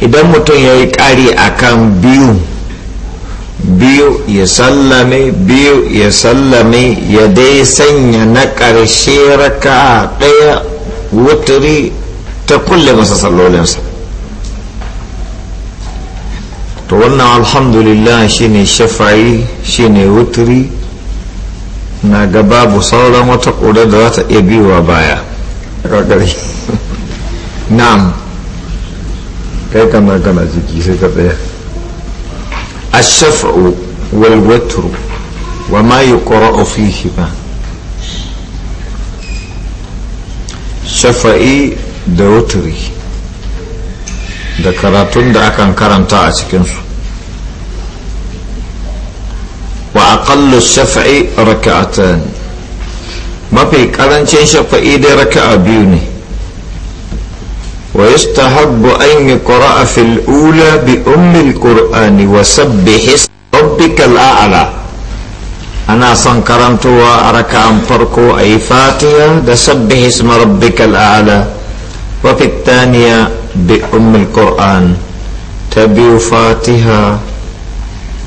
idan mutum ya yi ƙari a kan biyu biyu ya sallame biyu ya sallame ya dai sanya na ƙarshe raka ɗaya wuturi ta kulle masa sallolinsa to wannan alhamdulillah shafayi shi ne wuturi na ga babu sauran wata ƙura da za ta iya biyuwa baya na'am kai kama kana ciki sai ka tsaya الشفع والوتر وما يقرأ ba shafa'i da wuturi da karatun da akan karanta a cikinsu wa aqallu shafa'i raka'atan mafi karancin shafa'i dai raka'a biyu ne ويستحب أن يقرأ في الأولى بأم القرآن وسبح اسم ربك الأعلى أنا سنكرمت وأركع أن فرقو أي فاتحة سبح اسم ربك الأعلى وفي الثانية بأم القرآن تبي فاتحة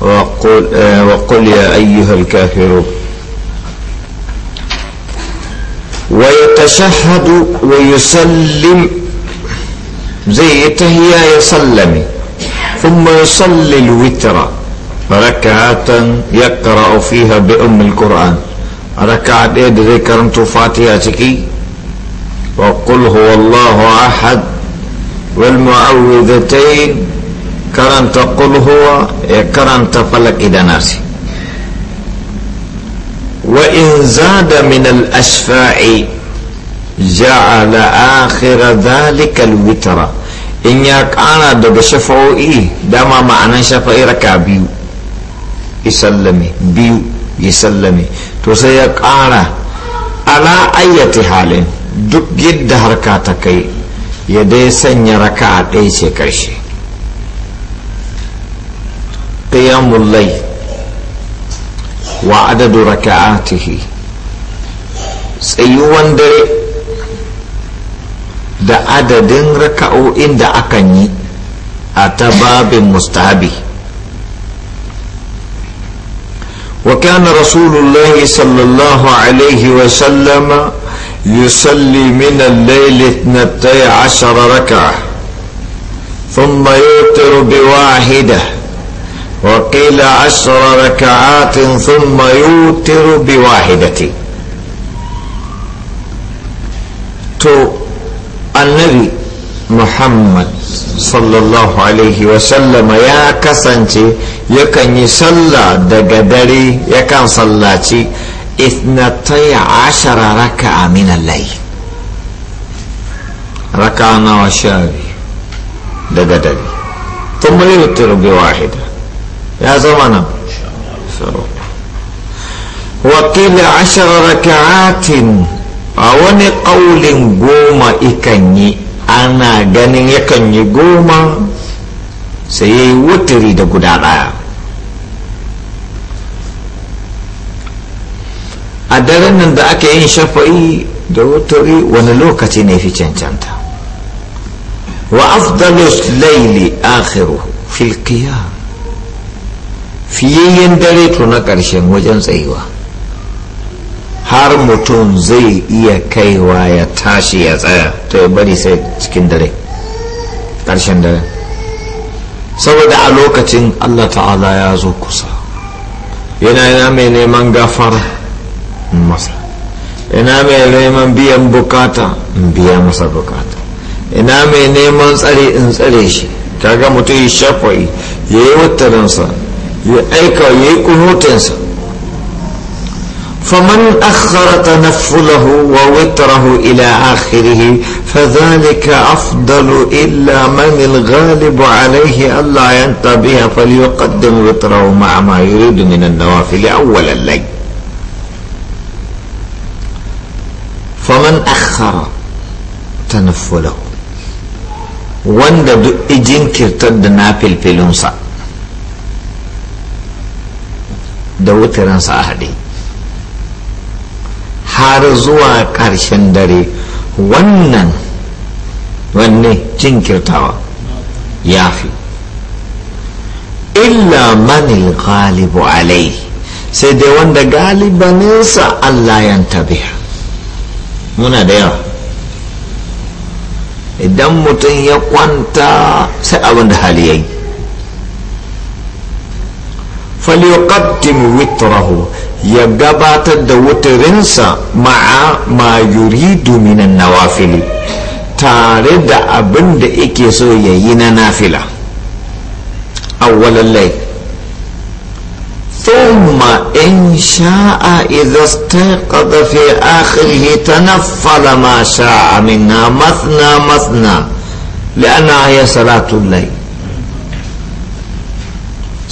وقل, آه، وقل يا أيها الكافرون ويتشهد ويسلم زي تهيا يصلمي ثم يصلي الوتر ركعة يقرأ فيها بأم القرآن ركعة إيد ذكرت فاتحتك وقل هو الله أحد والمعوذتين كرنت قل هو إيه كرنت فلك إذا ناسي وإن زاد من الأشفاع ja'ala akhira dhalika alwitra in ya kara daga shafa'o'i dama ma'ana shafa'i raka biyu isallame biyu isallame to sai ya kara ala ayyati halin duk yadda harka kai ya dai sanya raka a ɗaya ce karshe qiyamul layl wa adadu raka'atihi tsayuwan dare da adadin raka'o'in da akan yi a ta babin mustahabi وكان رسول الله صلى الله عليه وسلم يصلي من الليل اثنتي عشر ركعة ثم يوتر بواحدة وقيل عشر ركعات ثم يوتر بواحدة تو annabi muhammad sallallahu alaihi wasallam ya kasance yakan yi sallah daga dare yakan sallaci اثنتي عشر ركعة من الليل ركعة وشابي دقدري ثم يوتر بواحدة يا زمانا وقيل عشر ركعات a wani ƙaulin goma ikan yi ana ganin yakan yi goma sai ya yi wuturi da guda ɗaya a daren nan da aka yin shafa'i da wuturi wani lokaci ne fi cancanta wa afdalus laili akhiru fil fiye yin dare to na ƙarshen wajen tsayuwa har mutum zai iya kaiwa ya tashi ya tsaya to ya bari sai cikin dare ƙarshen dare saboda a lokacin allah ta'ala ya zo kusa yana yana mai neman gafara masa ina mai neman biyan bukata in biya masa bukata ina mai neman tsare in tsare shi kaga mutum ya shafa'i ya yi wattaransa ya aika ya yi kunutinsa فمن أخر تنفله ووتره إلى آخره فذلك أفضل إلا من الغالب عليه ألا ينتبه فليقدم وتره مع ما يريد من النوافل أول الليل فمن أخر تنفله wanda duk كرتد نافل في filfilinsa da wutaransa har zuwa ƙarshen dare wannan wanne jinkirtawa ya fi illa manil galibu alai sai dai wanda galibaninsa Allah ya biya muna da yawa idan mutum ya kwanta sai abin da hali ya yi فليقدم وطره يقبات الدوترنسا مع ما يريد من النوافل تارد أبند إكيسو يينا نافلة أول الليل ثم إن شاء إذا استيقظ في آخره تنفل ما شاء منا مثنى مثنى لأنها هي صلاة الليل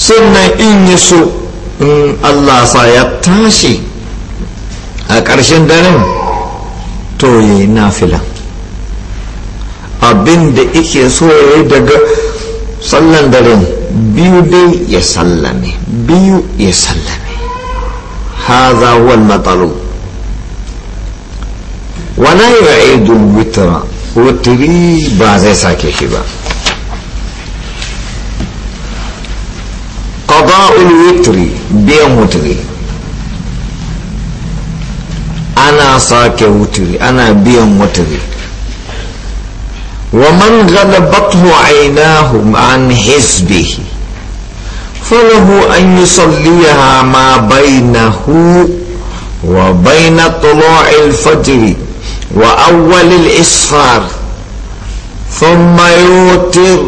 sannan in yi so in allah sa ya tashi a ƙarshen daren to yi nafila abin da ike so ya daga sallan daren biyu dai ya sallame biyu ya sallame haza wal matsalu wala ya witira wutiri ba zai sake shi ba الوتر بين وتري أنا ساكي وتري أنا بين وتري ومن غلبته عيناه عن حزبه فله أن يصليها ما بينه وبين طلوع الفجر وأول الإسفار ثم يوتر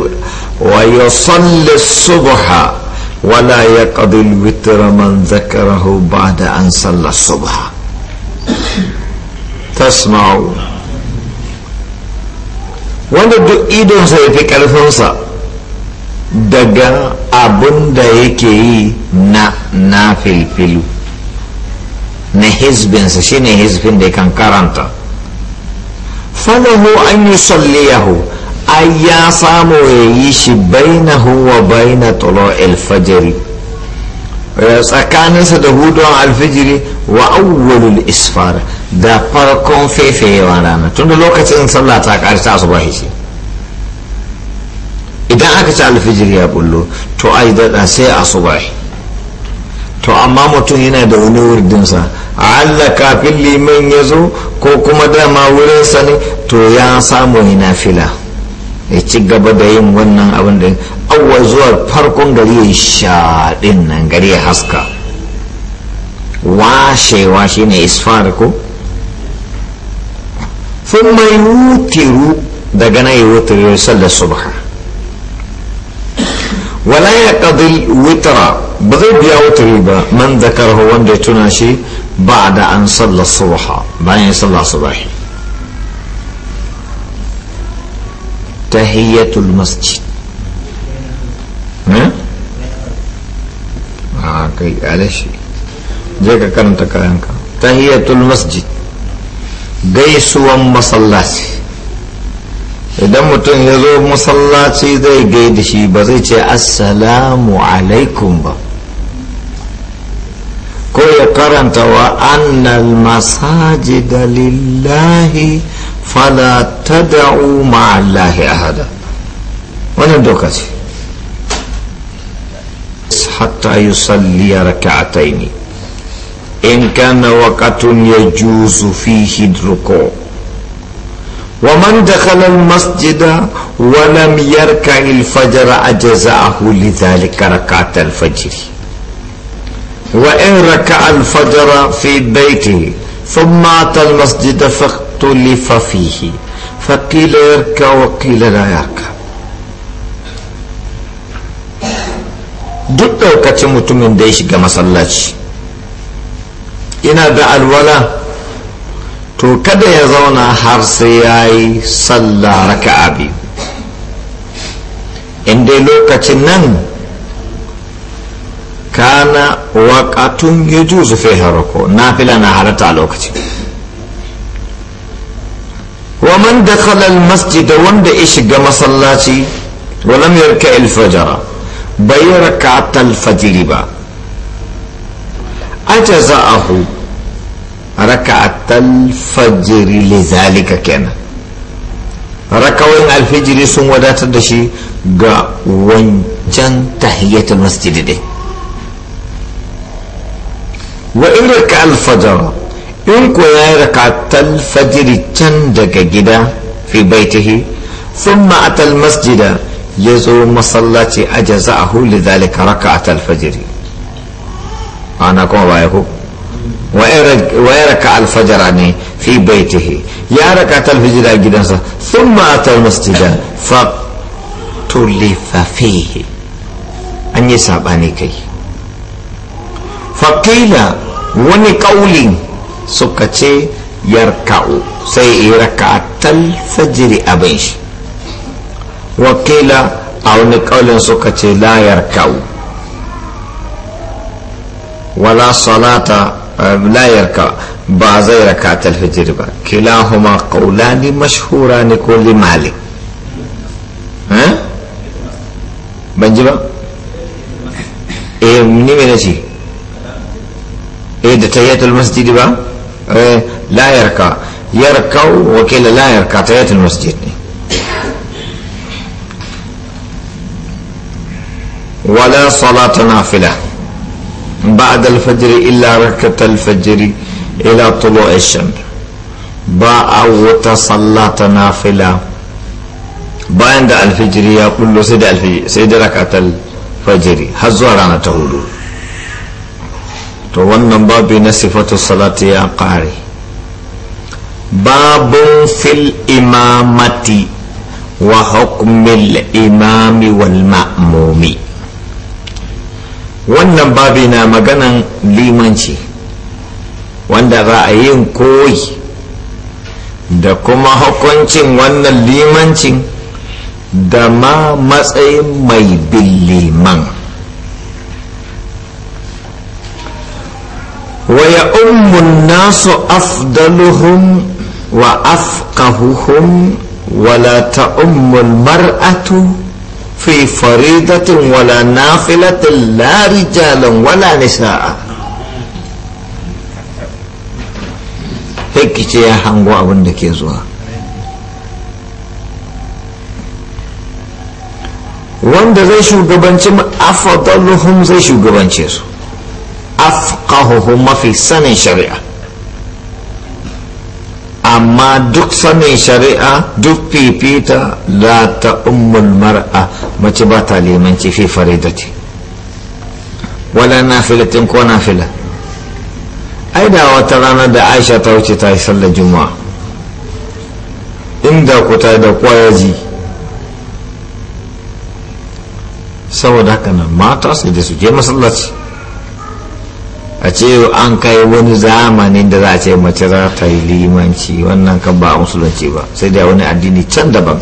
ويصلي الصبح ولا يقضي الوتر من ذكره بعد أن صلى الصبح تسمع wanda duk idonsa ya fi ƙarfinsa daga abun da yake yi na na filfilu na hizbinsa shine hizbin da kan karanta falahu an yi salliyahu ai ya samu ya yi shi baina huwa baina tulo alfajiri tsakaninsa da hudon alfijiri wa awwalul isfar da farkon fefeyewa rana tun da lokacin sallah ta karta su bahi shi idan aka ci alfijiri ya bullo to ai daɗa sai a subahi to amma mutum yana da wani wurdinsa Allah kafin liman ya zo ko kuma dama wurinsa ne to ya samu yana fila ya ci gaba da yin wannan abin da awwa zuwa farkon gari ya shaɗin nan gari ya haska washewa shi ne isfar ko sun mai wutiru daga na yi wutiru sallar subha wala ya ƙadil witara ba zai biya wutiri ba man zakar wanda ya tuna shi ba da an sallar subha bayan sallar subahi Tahiyyatul masjid hmm? a ah, kai alashi je ka karanta kayanka Tahiyyatul masjid gaisuwan masallaci idan mutum ya zo masallaci zai gaida shi ba zai ce assalamu alaikum ba ko ya karanta wa annal masajida lillahi فلا تدعوا مع الله أحدا وأنا دوكاتي حتى يصلي ركعتين إن كان وقت يجوز فيه الركوع ومن دخل المسجد ولم يركع الفجر أجزأه لذلك ركعة الفجر وإن ركع الفجر في بيته ثم أتى المسجد فق اختلف فيه فقيل يركع وقيل لا يركع duk daukacin mutumin da ya shiga masallaci ina da alwala to kada ya zauna har sai ya yi sallah raka'a biyu inda lokacin nan kana waƙatun ya juzu fi na fila na halatta a lokacin ومن دخل المسجد وند إشق صلاتي ولم يركع الفجر بيركعة الفجر با أجزاءه ركعة الفجر لذلك كان ركوين الفجر سم ودات دشي غا وانجان تحية المسجد دي وإن ركع الفجر in ko ya yi rakatal fajiri can daga gida fi baitihi thumma atal masjida ya zo masallaci a jaza'ahu lidhalika raka'atal fajiri ana kuma baya ko wa ya raka alfajara ne fi baitihi ya raka talfijira gidansa thumma atal masjida fa tulifa fihi an yi sabani kai faƙila wani ƙaulin suka ce yarka'u sai yi raka'atal fajiri abin shi wakila a wani kaulin suka ce la yarka'u wala salata la yarka ba zai raka'atal fajiri ba kilahuma kaulani mashhura ne ko li malik ban ji ba eh ni me na ce eh da tahiyatul masjid ba إيه، لا يركع يركع وكلا لا يركع تيات المسجد ولا صلاة نافلة بعد الفجر إلا ركعة الفجر إلى طلوع الشمس با باء وتصلاة نافلة بعد الفجر يقول سيد الفجر سيد ركعة الفجر هزورانا تهدو to wannan babu na sifatu salati ya kare babu fil imamati wa hukumin imami wal ma'amomi wannan babu na maganan limanci wanda za a yin koyi da kuma hukuncin wannan limancin da ma matsayin mai bin liman waya ummun nasu afdaluhum wa afqahuhum wala ta ummun mar'atu fi faridatin wala nafilatin lari rijalan wala nisa'a hikice ya hango abin ke zuwa wanda zai shugabanci afadalluhum zai shugabance su afqahuhum mafi sanin shari'a amma duk sanin shari'a duk fifita la ta ummul mar'a mace ba ta limanci fi faridati wala nafilatin ko nafila ai da wata rana da aisha ta wuce ta yi sallar juma'a inda ku ta da kwayaji saboda haka nan mata sai da su je masallaci a ce an kai wani zamani da za a ce mace za ta yi limanci wannan kan ba a musulunci ba sai da wani addini can daban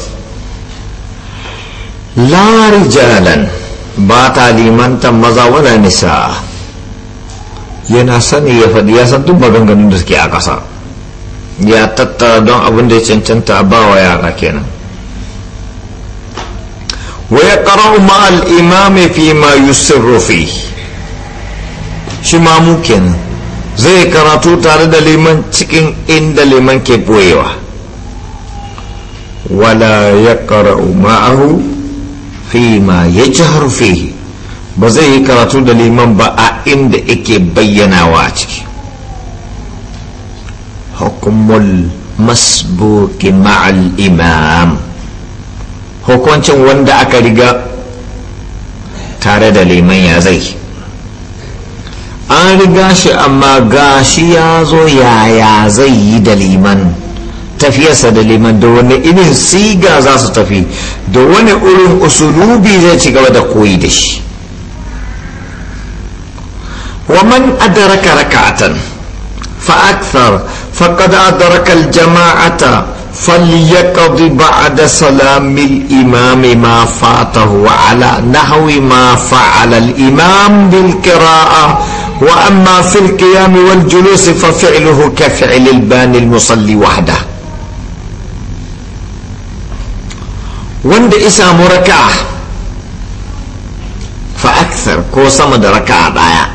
lari jalan ba ta limantan maza wadda nisa yana sani ya faɗi ya san duk maganganun da suke a ƙasa ya tattara don abin da ya cancanta a bawa yara kenan wa ya ƙara'u ma'al al'imami fi ma yusuf rufi. shi mu kenan zai karatu tare da liman cikin inda liman ke boyewa wala ya ƙara'u ma'ahu fi ma ya ci harfe ba zai yi karatu da liman ba a inda yake bayyanawa a ciki hukumul masbuki ma'al imam hukuncin wanda aka riga tare da liman ya zai an riga shi amma gashi ya zo yaya zai yi da liman tafiyarsa da liman da wani irin siga za su tafi da wani irin usulubi zai ci gaba da koyi da shi ومن أدرك ركعة فأكثر فقد أدرك الجماعة فليقض بعد سلام الإمام ما فاته على نحو ما فعل الإمام بالقراءة وأما في القيام والجلوس ففعله كفعل الباني المصلي وحده وند إسا مركعة فأكثر كو صمد ركعة بايا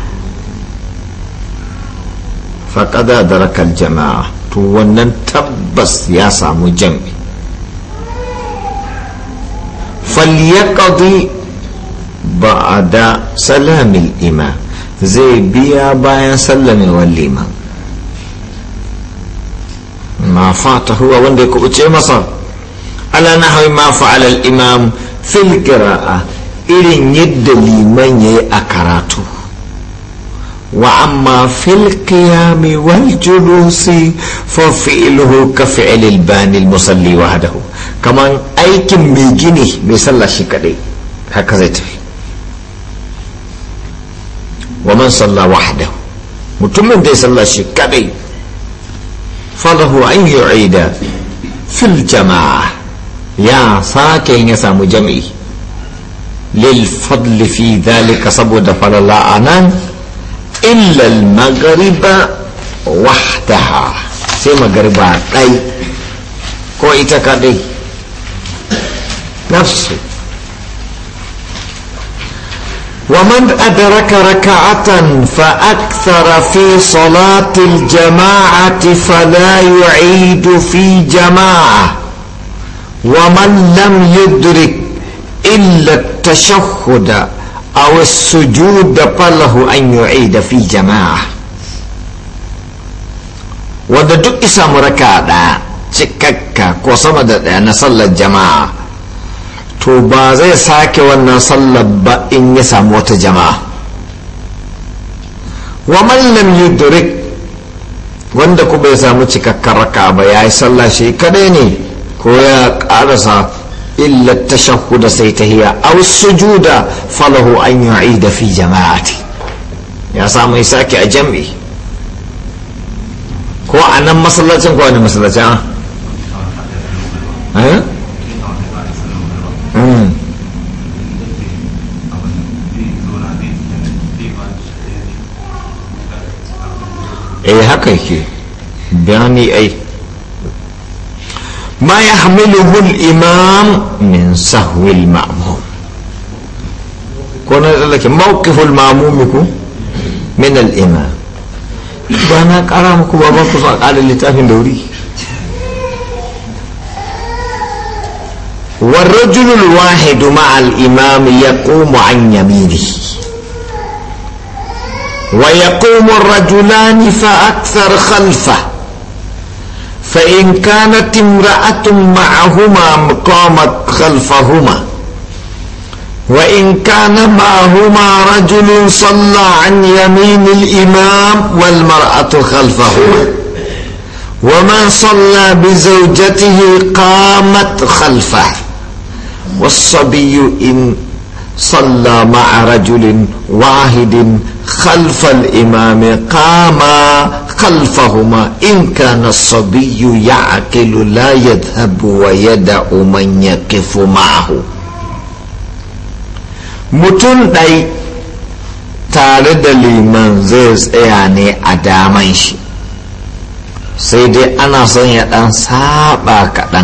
فقد أدرك الجماعة تو تبس يا سامو جمع فليقضي بعد سلام الإمام zai biya bayan sallamewar liman ma huwa wanda ya kubuce masa ala nahawi ma fa'ala imam fil qira'a irin yadda liman yayi a karatu wa amma fil qiyami wal julusi fa fi'luhu ka fi'l bani al-musalli wahdahu kaman aikin mai gini mai sallah shi kadai haka zai tafi wa man salla wahdahu mutumin da ya salla shi kadai falahu an yu'ida fil jama'a ya sake ya samu jam'i lil fadli fi dhalika saboda falala anan illa al maghriba wahdaha sai magariba dai ko ita kadai nafsu ومن أدرك ركعة فأكثر في صلاة الجماعة فلا يعيد في جماعة ومن لم يدرك إلا التشهد أو السجود فله أن يعيد في جماعة وددك إسام ركعة cikakka ko sama صلى الجماعة to ba zai sake wannan sallar ba in ya samu wata jama'a wa mallam yudrik wanda ku bai samu cikakkar raka ba ya yi sallah shi kadai ne ko ya karasa illa da sai tahiyya aw sujuda falahu an yu'ida fi jama'ati ya samu sake a jam'i ko a nan masallacin ko a masallacin ah? eh? اي haka yake اي ما يحمله الإمام من سهو المأموم كون لك موقف المأموم من الإمام وانا كرامك بابا قصة قال اللي تافين دوري والرجل الواحد مع الإمام يقوم عن يمينه ويقوم الرجلان فأكثر خلفه فإن كانت امرأة معهما قامت خلفهما وإن كان معهما رجل صلى عن يمين الإمام والمرأة خلفهما ومن صلى بزوجته قامت خلفه والصبي إن صلى مع رجل واحد خلف الإمام قام خلفهما إن كان الصبي يعقل لا يذهب ويدع من يقف معه متون داي tare da liman zai tsaya ne a daman shi sai dai ana son ya dan saba kaɗan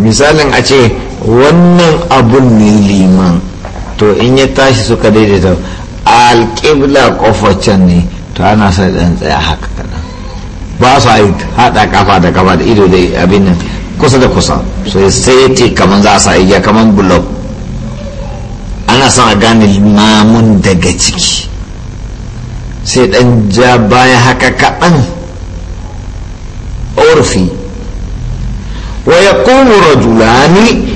misalin a ce wannan abun ne liman to in ya tashi suka daidaita alƙibla ƙofar can ne to ana sa ɗan tsaya haka kaɗan ba su yi haɗa kafa da kafa da ido da abin nan kusa da kusa so sai ce kamar za a sa iya kamar bulog ana sa a gane mamun daga ciki sai ɗan ja baya haka kaɗan orfi wa ya rajulani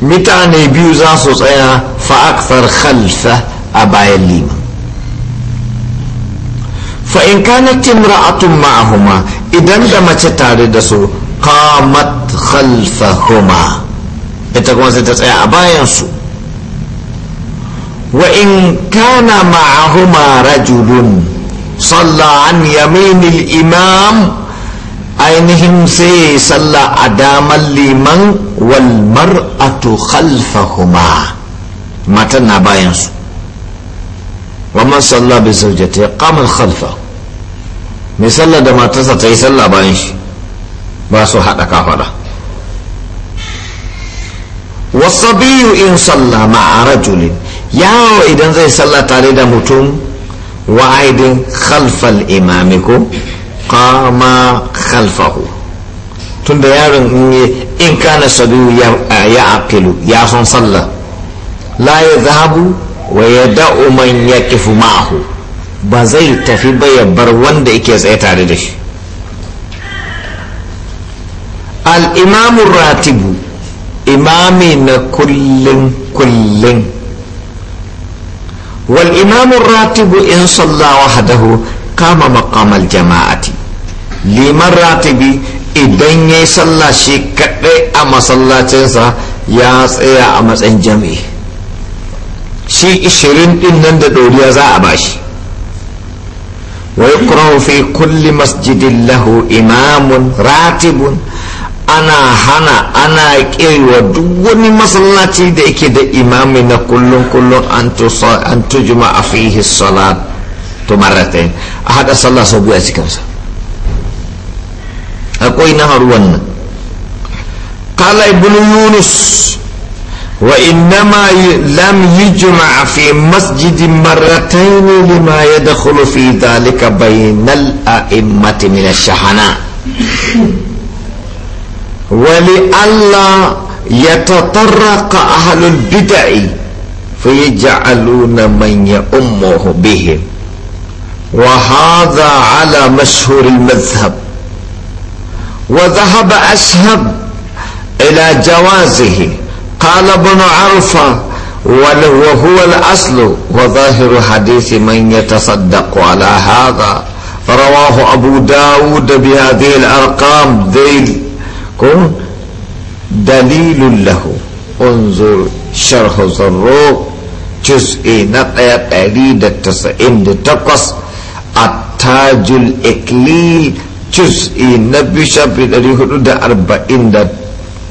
mutane biyu za su tsaya فأكثر خلفه أبا يليم فإن كانت امرأة معهما إذا دمت دسو قامت خلفهما إتكون ستسعي أبا ينسو وإن كان معهما رجل صلى عن يمين الإمام أينهم سي صلى أدام الليمان والمرأة خلفهما matan na bayansu wa man salla bi zawjati qama khalfa mai sallar da matarsa ta yi sallah bayan shi ba su haɗa kafada biyu in salla ma'a rajulin yawo idan zai sallah tare da mutum wa aidin khalfal imami ko qama khalfahu tunda yaron in kana sabiyu ya aqilu ya son sallah la ya zahabu wa ya da'u man ya kifu ma'ahu ba zai tafi ba ya bar wanda yake tsaye tare da shi al'imamun ratibu imami na kullum kullum wal imamu ratibu in sallawa hadahu kama makamal jama'ati liman ratibi idan ya yi sallah shi kaɗai a masallacinsa ya tsaya a matsayin jami'i shi ishirin din nan da doriya za a bashi wa yukrahu fi kulli masjidin lahu imamun ratibun ana hana ana kewa duk wani masallaci da yake da imami na kullum kullum an tujuma a fihi salat to marratain a haɗa sallah sau biyu a cikinsa akwai na haruwan nan kala ibn yunus وإنما لم يجمع في مسجد مرتين لما يدخل في ذلك بين الأئمة من الشحناء ولئلا يتطرق أهل البدع فيجعلون من يؤمه بهم وهذا على مشهور المذهب وذهب أشهب إلى جوازه قال ابن عرفة وهو الأصل وظاهر حديث من يتصدق على هذا رواه أبو داود بهذه الأرقام ذيل كن دليل له انظر شرح الزروق جزء نقيا تريد التسعين تقص التاج الإكليل جزء نبشة شاب الأريهود أربعين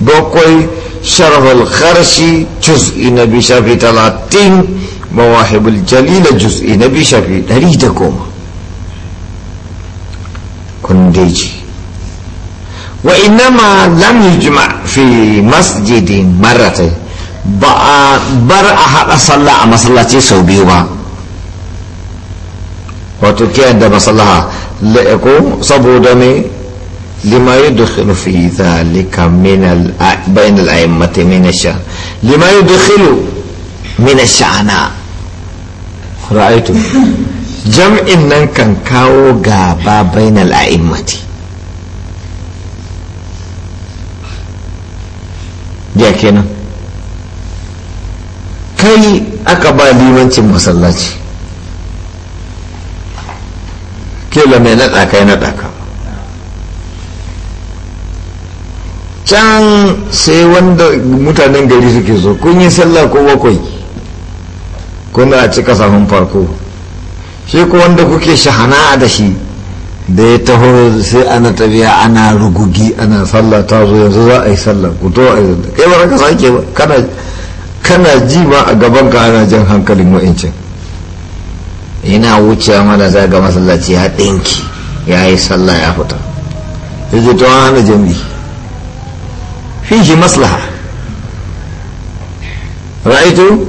بقوي شرف الخرشي جزء نبي شافي تلاتين مواهب الجليل جزء نبي شافي نريدكم كنديجي وإنما لم يجمع في مسجد مرة بر أحد صلى مصلاتي سوبيوبا وتكيد مصلها لأكو صبو دمي لما يدخل في ذلك من بين الأئمة من الشأن لما يدخل من الشأن رأيت جمع إنن كان كاو غابا بين الأئمة ya كي kai aka ba limancin كي لم ينطع كي نطع كاو can sai wanda mutanen gari suke so kun yi sallah ko bakwai kuna cika samun farko shi ko wanda kuke shahana da shi da ya taho sai ana tafiya ana rugugi ana sallah ta zo yanzu za a yi sallah ku to a yi kai ba ka sake kana kana ji ma a gaban ka ana jan hankalin wa'incin yana wucewa mana za ga masallaci ya ɗinki ya yi sallah ya fita yanzu ta hana jami'i fihi maslaha ra'aitu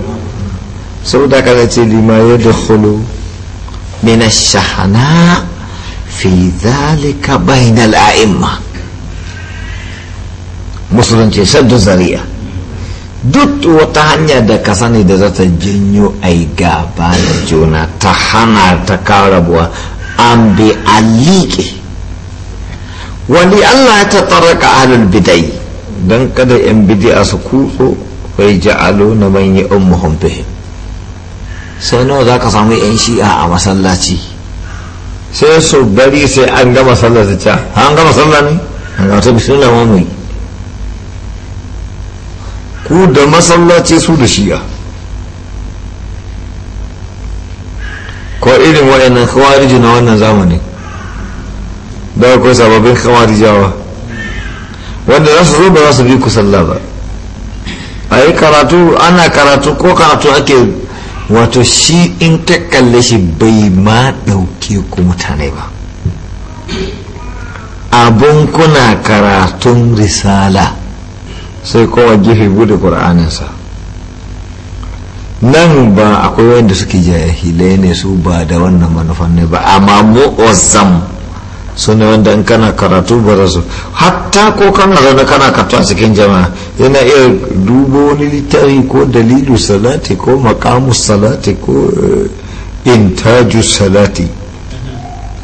saboda kaza ce lima ya dakhulu min ash-shahana fi dhalika bayna al-a'imma musulunci saddu zari'a duk wata hanya da ka sani da zata janyo ai gaba da juna ta hana ta karabuwa an bi alike wani allah ya ta tarraka ahlul bidai don kada yan bidi'a su kutso wai ja'alo na manyan ummuhum fihim sai nawa za ka samu yan shi'a a masallaci sai su bari sai an gama sallar su an gama sallar ne an gama ta bisu na mai. ku da masallaci su da shi'a ko irin wa'annan kawarijin na wannan zamani da akwai sababbin khawarijawa wanda za su zo ba za su bi ku sallah ba a yi karatu ana karatu ko karatu ake wato shi in ka kalle shi bai ma ɗauke ku mutane ba abun kuna karatun risala sai kowa gefe bude ƙur'aninsa nan ba akwai wanda suke jahilai ne su ba da wannan manufan ne ba amma mu ozam su ne wanda in kana karatu ba za su hatta ko kana zaune kana karatu a cikin jama'a yana iya dubo wani littari ko dalilu salati ko makamu salati ko eh, intaju salati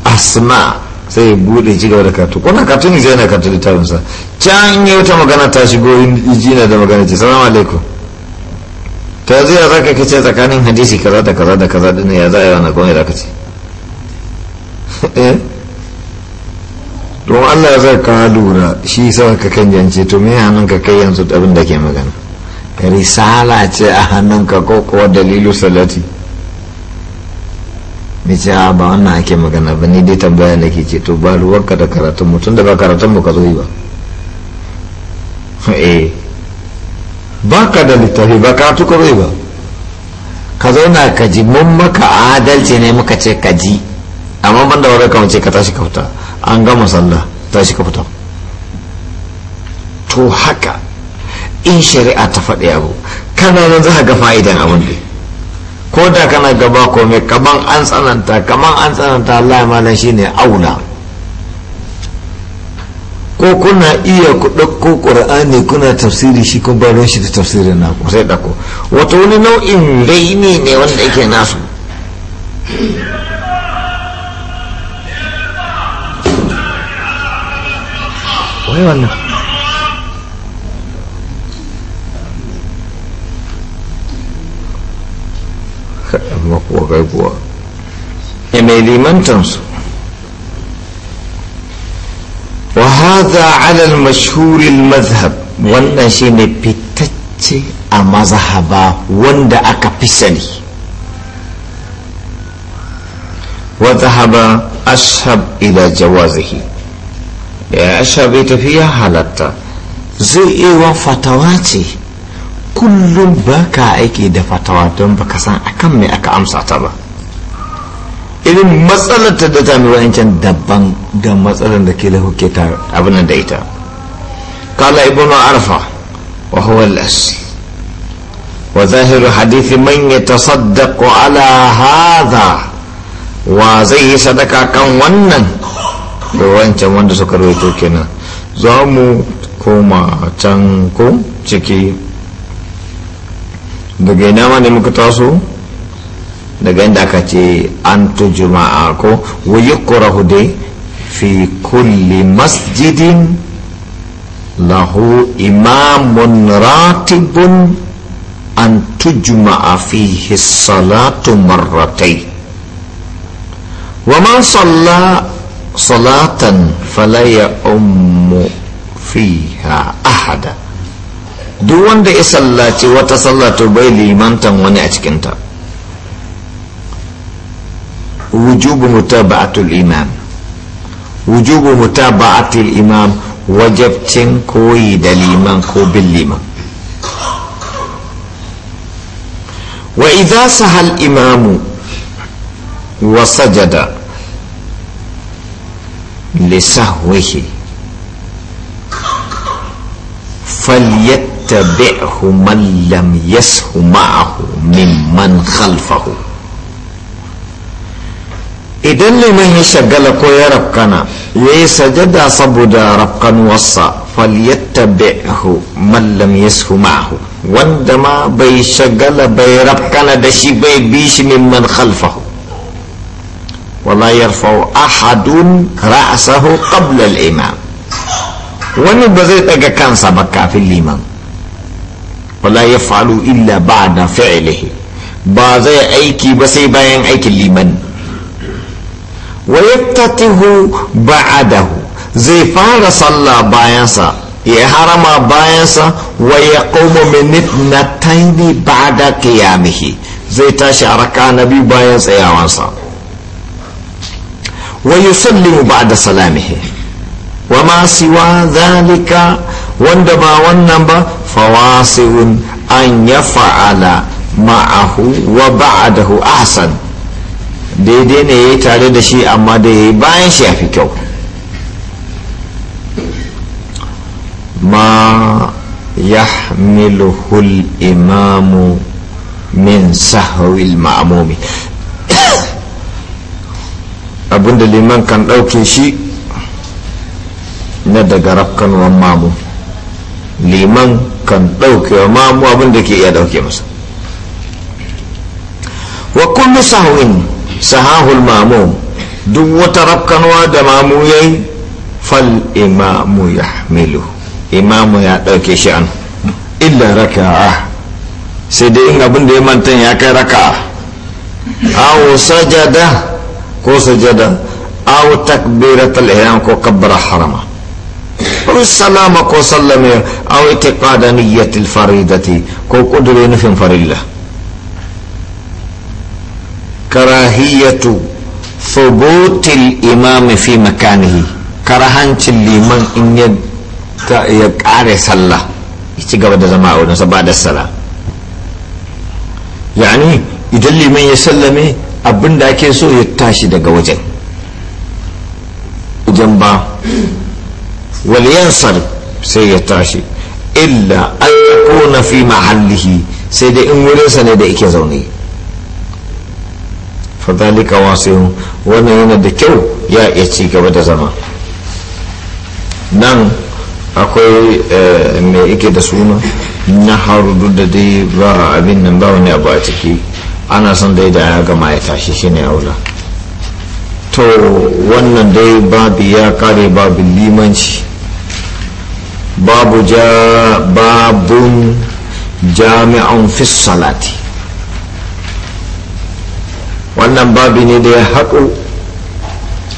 asma sai ya bude ci gaba da karatu ko na karatu ne zai na karatu littarin sa can yi wata magana ta shigo na da magana ce salamu alaikum ta zai ya zaka kace tsakanin hadisi kaza da kaza da kaza din ya za a yi wani kawai zaka ce eh? Don Allah zai ka lura shi sa ka kan yance to me hannun ka kai yanzu abin da ke magana risala ce a hannun ka ko kuwa dalilu salati ni ce ba wannan ake magana ba ni dai tambaya nake ce to ba ruwanka da karatun mu da ba karatun mu ka zo yi ba eh ba ka da littafi ba ka tuka zo ba ka zauna ka ji mun maka adalci ne muka ce ka ji amma ban da wani kawance ka tashi kauta. an gama sallah ta shi ka fita to haka in shari'a ta faɗi abu kana nan za ga fa'idan abin da ko da kana gaba mai kaman an tsananta kaman an tsananta Allah ya malam shine aula ko kuna iya ku ɗauko ƙur'ani kuna tafsiri shi kun ba shi da tafsirin na ku sai ɗauko wata wani nau'in raini ne wanda yake nasu ولا مقوى غيبوا يميلي من تنصر وهذا على المشهور المذهب وانا شيني بتتشي اما ذهبا وانا اكبسني وذهب أشهب إلى جوازه bai tafiya halatta zai iya fatawa ce kullum ba ka aiki da fatawa don ba ka san akan mai aka amsa ta ba irin matsalar ta da ta can daban da matsalar da ke lahuke ta abin da ita kala ibn arfa wa huwa al-asl wa zahiru hadithi man yatasaddaqu ala hadha wa zai sadaka kan wannan da wancan wanda suka rawaito kenan za mu koma can ko ciki daga ina ma ne muka taso daga inda aka ce an tu juma'a ko wuyi kurahu fi kulli masjidin lahu imamun ratibun an tujma'a fi salatu marratai wa man salla صلاة فلا يأم فيها أحد أحدا دو واندا إسالاتي واتسالاتو بيلي مانتن واني أتكنتا وجوب متابعة الإمام وجوب متابعة الإمام وجب تنكوي دليمان كو بالليمان وإذا سهى الإمام وسجد لسهوه فليتبعه من لم يسه معه ممن خلفه idan liman ya shagala ko ya rafkana ya yi sajada saboda rafkanuwarsa falyattabi'hu man lam yashu ma'ahu wanda ma bai shagala bai rafkana da shi bai bi shi mimman khalfahu ولا يرفع أحد رأسه قبل الإمام وني بزيت أجا كان سبكا في الإمام ولا يفعل إلا بعد فعله بازي أيكي بسي باين أيكي الإمام ويفتته بعده زي فار صلى يا يحرم باينسا ويقوم من اثنتين بعد قيامه زي تاشي أركان نبي باينسا يا وانصار ويسلم بعد سلامه وما سوى ذلك وندبا ونبا فواسع أن يفعل معه وبعده أحسن دي دي ني yi tare da shi amma da ya yi bayan shi يحمله الإمام من سهو المأموم abinda liman kan ɗauke shi na daga rafkanuwan mamu liman kan ɗauke wa mamu abinda ke iya ɗauke masa wa kullu sahwin sahahul mamu duk wata rafkanuwa da mamu ya yi fal imamu ya milu imamu ya ɗauke shi an illa raka'a sai dai in abin da ya mantan ya kai raka'a aw sajada كوسجدا او تكبيره الاحرام كو كبر حرما او السلام كو سلم او اعتقاد نيه الفريده كو قدر نفهم فريله كراهيه ثبوت الامام في مكانه كراهان كرهان لمن ان يقعد صلى ايش قبل زمان ونسى بعد السلام يعني اذا لمن يسلمه abin da ake so ya tashi daga wajen wajen ba waliyansar sai ya tashi illa an na fi mahallihi sai dai in wurinsa ne da yake zaune fadalika wasu wannan yana da kyau ya iya ci gaba da zama nan akwai eh, mai ike da suna na harudu da dai ba abin nan ba wani abu a ciki ana son dai da ya gama ya tashi shine aula to wannan dai babu ya kare babu limanci babu ja babun jami'an fi wannan babu ne da ya haɗu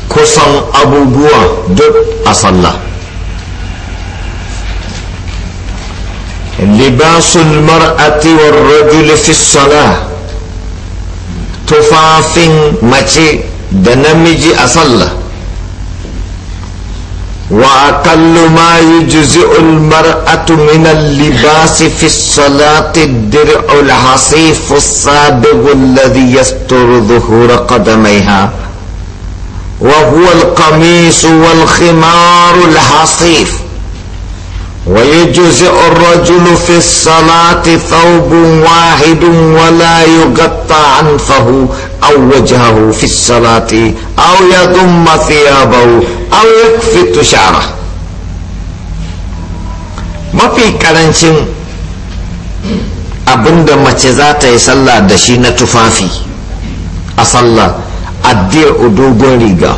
kusan abubuwa duk a sallah libasun mar'ati war rajuli fi salah tufafin mace da namiji a sallah wa kallu ma yujzi'ul mar'atu min al-libasi fi as-salati ad-dir'u al-hasif as-sabiq alladhi yasturu dhuhura qadamayha wa huwa al-qamis wal-khimar al-hasif ويجزئ الرجل في الصلاة ثوب واحد ولا يغطى عنفه أو وجهه في الصلاة أو يضم ثيابه أو يكفت شعره ما في كرنشن abinda mace za ta yi sallah da shi na tufafi a sallah addu'u dogon riga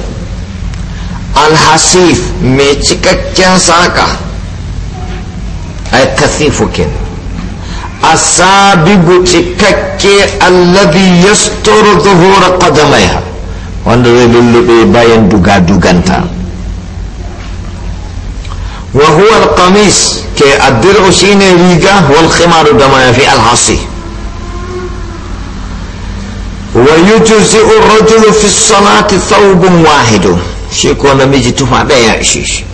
alhasif mai cikakken saka kasifu kenan asabibu cikakke alladhi yasturu zuhura qadamaiha wanda zai lullube bayan duga-duganta wa huwa alqamis ke addir'u shine riga wal khimaru da mayafi alhasi wa yujzi'u ar-rajulu fi as-salati thawbun wahidun shi ko namiji tufa daya shi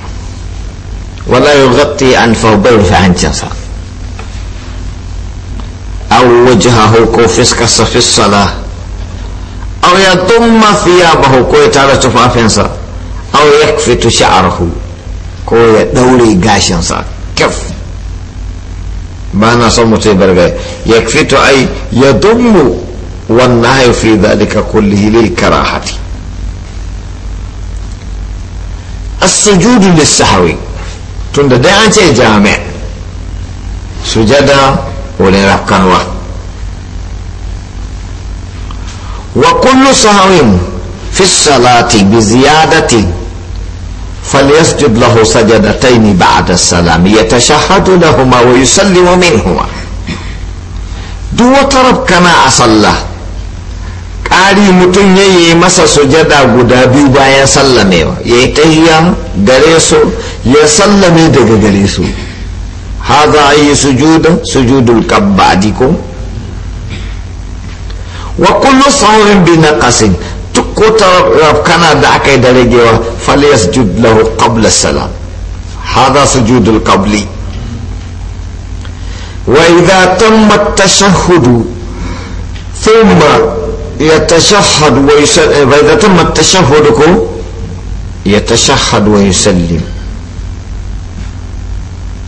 ولا يغطي أنفه بيرفع عن جنسا أو وجهه كوفيس كس في الصلاة أو يضم ثيابه كوي تعالى تفافنسا أو يكفت شعره كوي دوري قاشنسا كف بانا صمت برغي يكفت أي يضم والنهي في ذلك كله للكراهة السجود للسحوي tunda dai an ce jami' sujada wurin rafkanwa wa kullu sahawin fi salati bi ziyadati فليسجد له سجدتين بعد السلام يتشهد لهما ويسلم منهما دو ترب كما أصلى ƙari mutum ya yi masa sujada guda biyu bayan sallamewa ya yi tahiya gare su ya sallame daga gare su haza a yi sujuda sujudul kabbadi wa kullu saurin bi naqasin duk wata rafkana da aka yi da ragewa falyasjud qabla salam haza sujudul qabli wa idza tamma at-tashahhud thumma يتشهد ويسلم فإذا تم التشهد يتشهد ويسلم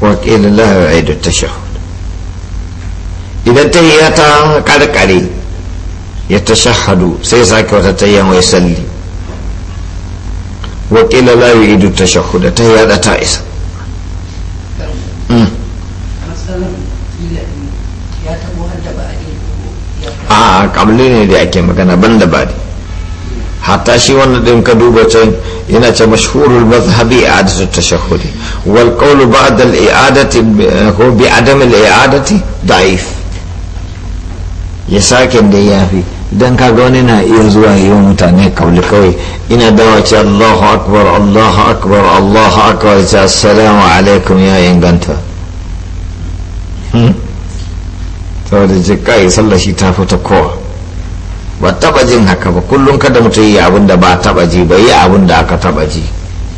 وإلى الله يعيد التشهد إذا تهيأت كذلك عليه يتشهد سيساك وتتيم ويسلم وإلى الله يعيد التشهد تهيأت تائسا a kamli ne da ake magana ban da badi hatta shi wannan din ka duba can yana ce mashhurul mazhabi i'adatu tashahhud wal qawlu ba'da al i'adati ko bi adam al i'adati da'if ya sake da yafi dan kaga wani na iya zuwa yi wa mutane kauli kawai ina dawa ce Allahu akbar Allahu akbar Allahu akbar assalamu alaikum ya inganta hmm? saboda jikka ya sallar shi ta fita kowa ba taba jin haka ba kullum kada mutum yi abin da ba taba ji ba yi abin da aka taba ji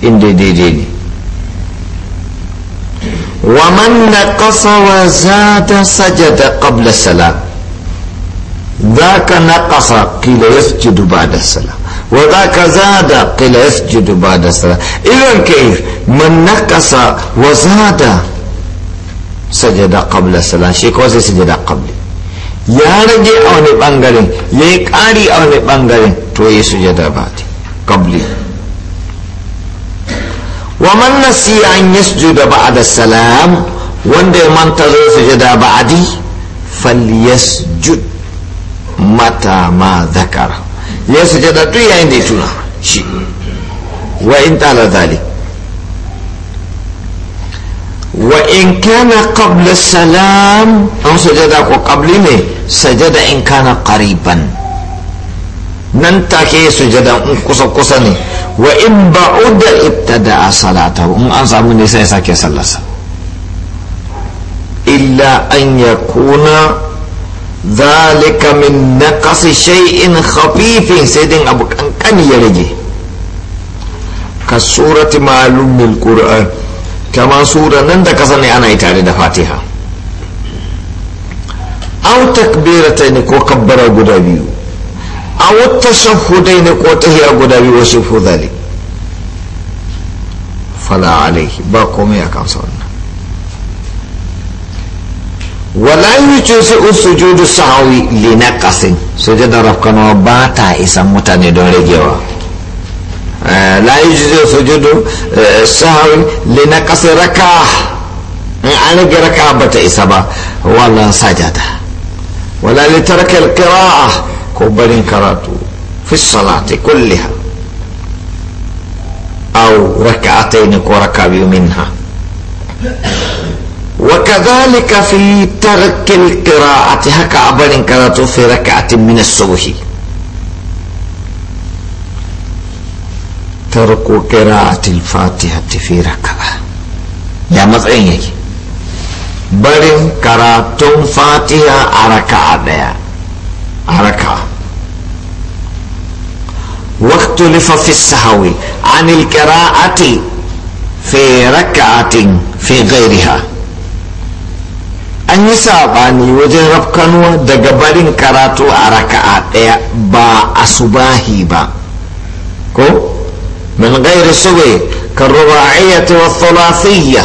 in daidai ne wa man na kasa wa za zata sajada qabla salam ذاك za قيل يسجد بعد الصلاة وذاك da sala يسجد ka yi إذا كيف wa za ta. سجدة قبل السلام شي كو سجدة قبل يا رجي او ني بانغارين يي قاري او ني بانغارين تو يي بعد قبل ومن نسي ان يسجد بعد السلام وند من تزو سجدة بعد فليسجد متى ما ذكر يسجد تو يا اندي تونا شي وان ذلك وإن كان قبل السلام أو سجد قبله سجد إن كان قريبا ننتهي سجد قصة قصة وإن بعد ابتدأ صلاته إن أنصاب النساء ساكي إلا أن يكون ذلك من نقص شيء خفيف سيدنا أبو كان يرجي كالسورة معلوم القرآن kama sura nan da kasa ne ana yi tare da fatiha aw takbirata ne ko kabbara guda biyu aw tashahhudai ne ko tahiya guda biyu wa shi fudali fala alaihi ba komai a kansa wannan wala yujuzu usujudu sahwi li kasin sujada rafkanwa ba ta isan mutane don ragewa آه، لا يجزي سجود آه، السهو لنقص ركعة إيه، أنا ركعة بتئسبة ولا سجدة ولا لترك القراءة كبرين كراتو في الصلاة كلها أو ركعتين كركبي منها وكذلك في ترك القراءة هكا عبر كراتو في ركعة من الصبح tarko qira'atil fatihati fi raka'a ya matsayin yake barin karatun fatiha a raka'a daya a raka'a واختلف في السهو عن القراءة في ركعة في غيرها an yi saɓani wajen rafkanuwa daga barin karatu a raka'a ɗaya ba a subahi ba ko من غير سوي كالرباعية والثلاثية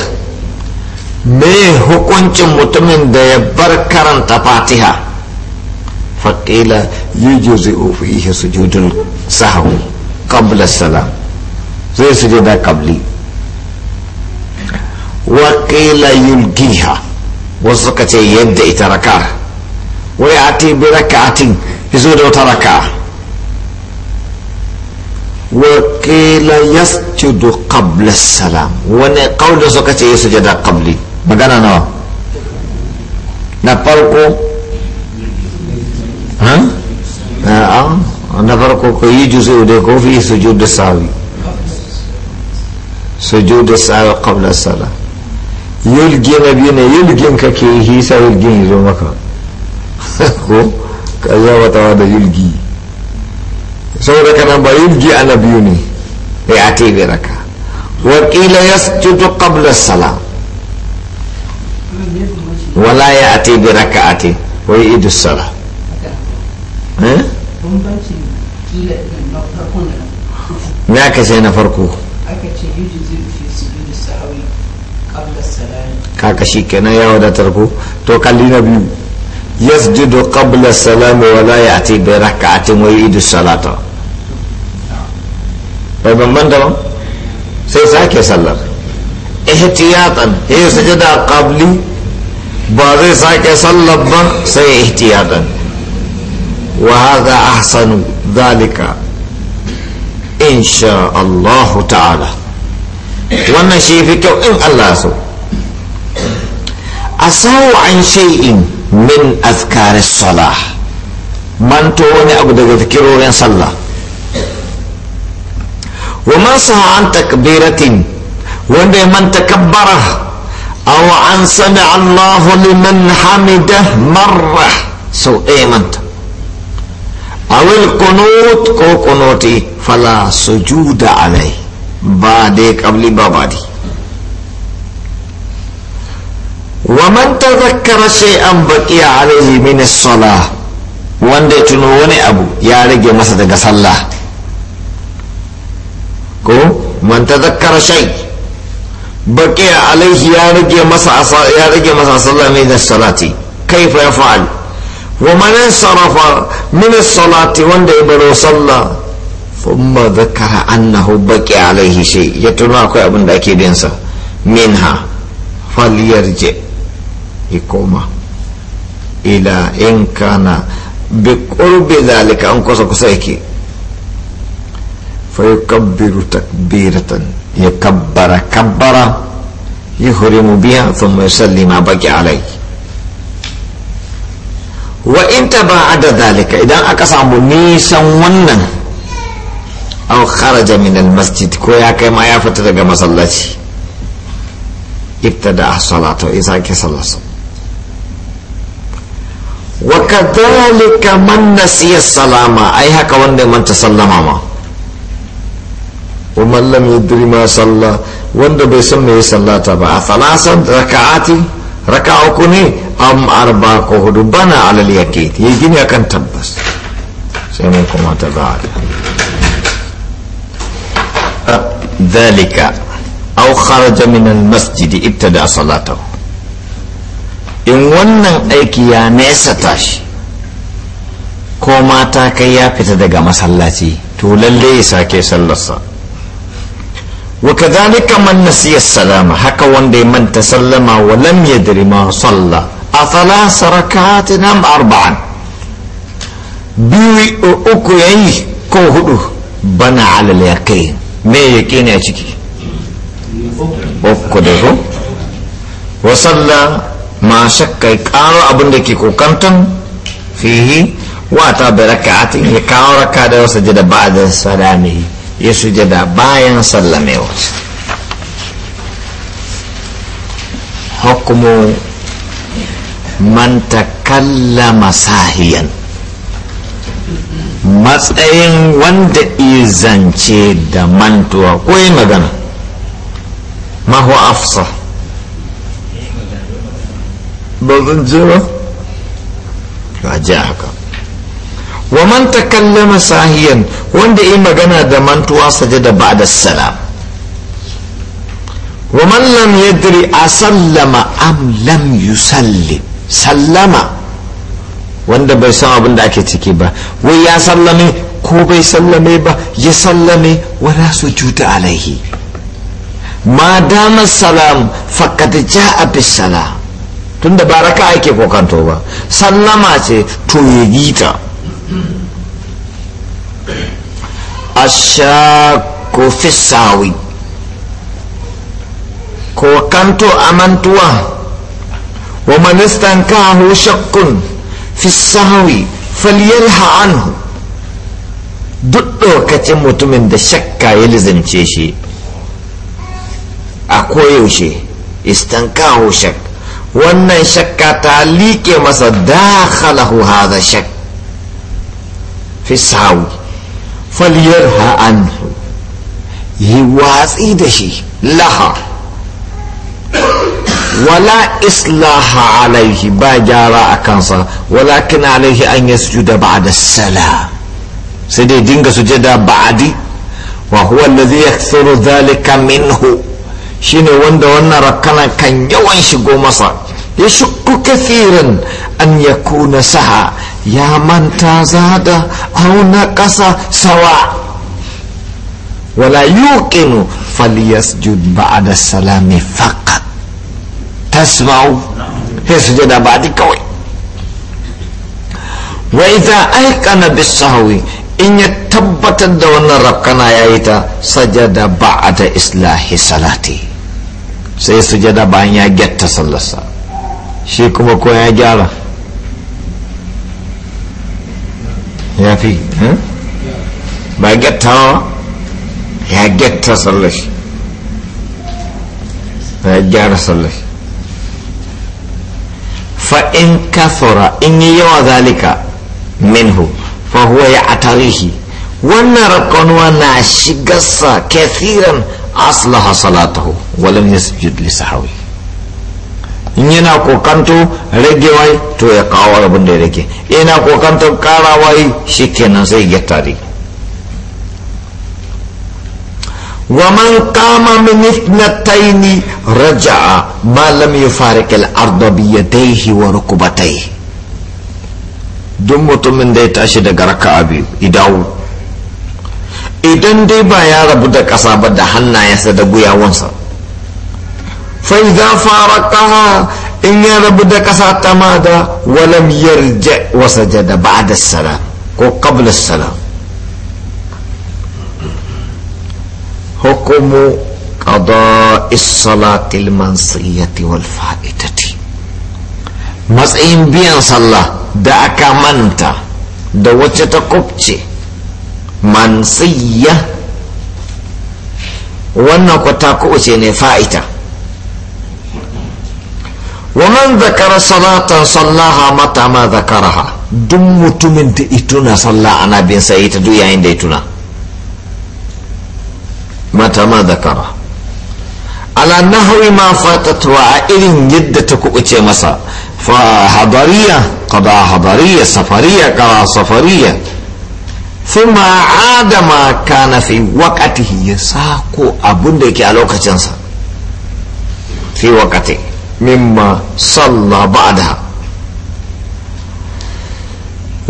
مي هكونت متمن دا يبر كرن تفاتها فقيل يجزئ فيه سجود السهو قبل السلام زي سجود قبلي وقيل يلقيها وسكت يد اتركاه ويأتي بركعة يزود تركاه wakila yasjudu qabla salam wani kaulin suka ce sujada qabli magana nawa na farko na farko ko yi da ko fi sawi sawi qabla salam yulgi na biyu ne yulgin ka ke hisa yulgin yazo maka ko ka zama tawa da yulgi saboda kana ba yi yubji biyu ne ya ate bi raka wa ya yasjudu qabla salam wala ya ate bi raka'ati wa yidu idu sala eh? eh? me aka ce na farko aka ce kaka shi kenan ya wadatar ko to kalli na biyu yasjudu qabla salam wa la ya'ti bi rak'atin wa yidu salata bai ban man daban sai sake sallar ihtiyatan ya sujuda qabli ba zai sake sallar ba sai ihtiyatan wa hadha ahsanu dalika in sha ta'ala wannan shi fi kyau in Allah a asawu an shay'in من أذكار الصلاة من توني أبدا تذكره لين صلاة ومن صح عن تكبيرة ومن من تكبره أو عن سمع الله لمن حمده مرة سو إيمان أو القنوت كو قنوتي فلا سجود عليه بعدك قبل بابادي ومن تذكر شيئا بقي عليه من الصلاة wanda ya tuno wani abu ya rage masa daga sallah ko man tazakkara shay baqi alaihi ya rage masa ya rage masa sallah ne da salati kaifa yaf'al wa man sarafa min wanda ya baro sallah thumma dhakkara annahu baqi alaihi shay ya tuno akwai abin da ake bin sa minha falyarji ya koma ila in kana bi zalika an kusa kusa yake fa yukabbiru takbiratan ya kabbara kabbara yuhrimu biha thumma yusalli ma baqi wa in zalika idan aka samu nisan wannan aw kharaja min ko ya kai ma ya fita daga masallaci ibtada salatu isa ke وكذلك من نسي السلام أي هكا وندي من تسلم ما ومن لم يدري ما صلى وندي بيسمي صلى تبع ثلاثة ركعات ركع كوني أم أربع كهد بنا على اليكيد يجيني أكن تبس سيميكم تبع أه، ذلك أو خرج من المسجد ابتدأ صلاته in wannan aiki ya nesa tashi ko mata kai ya fita daga masallaci to lalle ya sake sallarsa wa kadhalika man nasiya salama haka wanda ya manta sallama wa lam yadri ma salla a thalas rakatin am arba'an biyu uku yayi ko hudu bana alal yaqin me yaqini a ciki uku da ko wa salla ma shakka ya karo abin da ke kokantan fihi wata bi raka'atin ya kawo raka da wasu jada ba da salami ya sujada bayan sallamewa hukumu man takallama sahiyan matsayin wanda izance da mantuwa ko yi magana mahu afsa ba zan je ba ba je haka wa man takallama sahiyan wanda yi magana da mantuwa sajada da salam wa man lam yadri sallama am lam yusalli sallama wanda bai san abin da ake ciki ba wai ya sallame ko bai sallame ba ya sallame su juta alaihi ma damar salam faqad ja'a bis salam tunda ba raka ake kokanto ba sallama ce to ya gita ashaku fisawi kokanto mantuwa wa manistan kahu shakkun fisawi faliyar anhu duk lokacin mutumin da shakka ya lizance shi a koyaushe istankahu shak wannan shakka ta liƙe masa dakhalahu hadha shak fi sawi falyarha anhu yi watsi da shi laha wala islaha alaihi ba gyara a kansa walakin alaihi an ya sujuda ba'da sala sai dai dinga sujada ba'adi wa huwa allazi yaksuru dhalika minhu shine wanda wannan rakkana kan yawan shigo masa Yesu kathiran an yakuna saha yaman man tazada au nakasa sawa wala yuqinu falyasjud ba'da salami faqat tasma'u hai sujud ba'di kawai wa idha aykana bisahwi in yatabbatan da wannan rakana yayita islahi salati sai sujada bayan shi kuma ko ya gyara ya fi ba gyattawa ya gyatta sallashi ya gyara sallashi فإن كثر إن يوى ذلك منه فهو يعتريه ونرقن ونعشقص كثيرا أصلح صلاته ولم يسجد لسحوه in yana kokanto wai to ya kawo abin da ya rage yana kokanto wai shi kenan sai ya tare ومن قام من اثنتين رجع ما لم يفارق الارض wa وركبتيه duk mutumin da ya tashi daga raka biyu idawo idan dai ba ya rabu da kasa ba da hannayensa da guyawansa فإذا فارقها إن رب دكسات ماذا ولم يرجع وسجد بعد السلام وقبل السلام حكم قضاء الصلاة المنصية والفائتة matsayin biyan sallah da aka manta da wacce ta kubce mansiyya wannan ku ta ne fa'ita wa man zakara salatan sallaha mata ma zakaraha duk mutumin da ituna sallah ana bin sa ita duk yayin da ituna mata ma zakara ala nahwi ma fatat wa a irin yadda ta kubuce masa fa hadariya qada hadariya safariya qada safariya ثم عاد ما كان في وقته a أبن ديكي على وقتين في وقته mimma salla ba'daha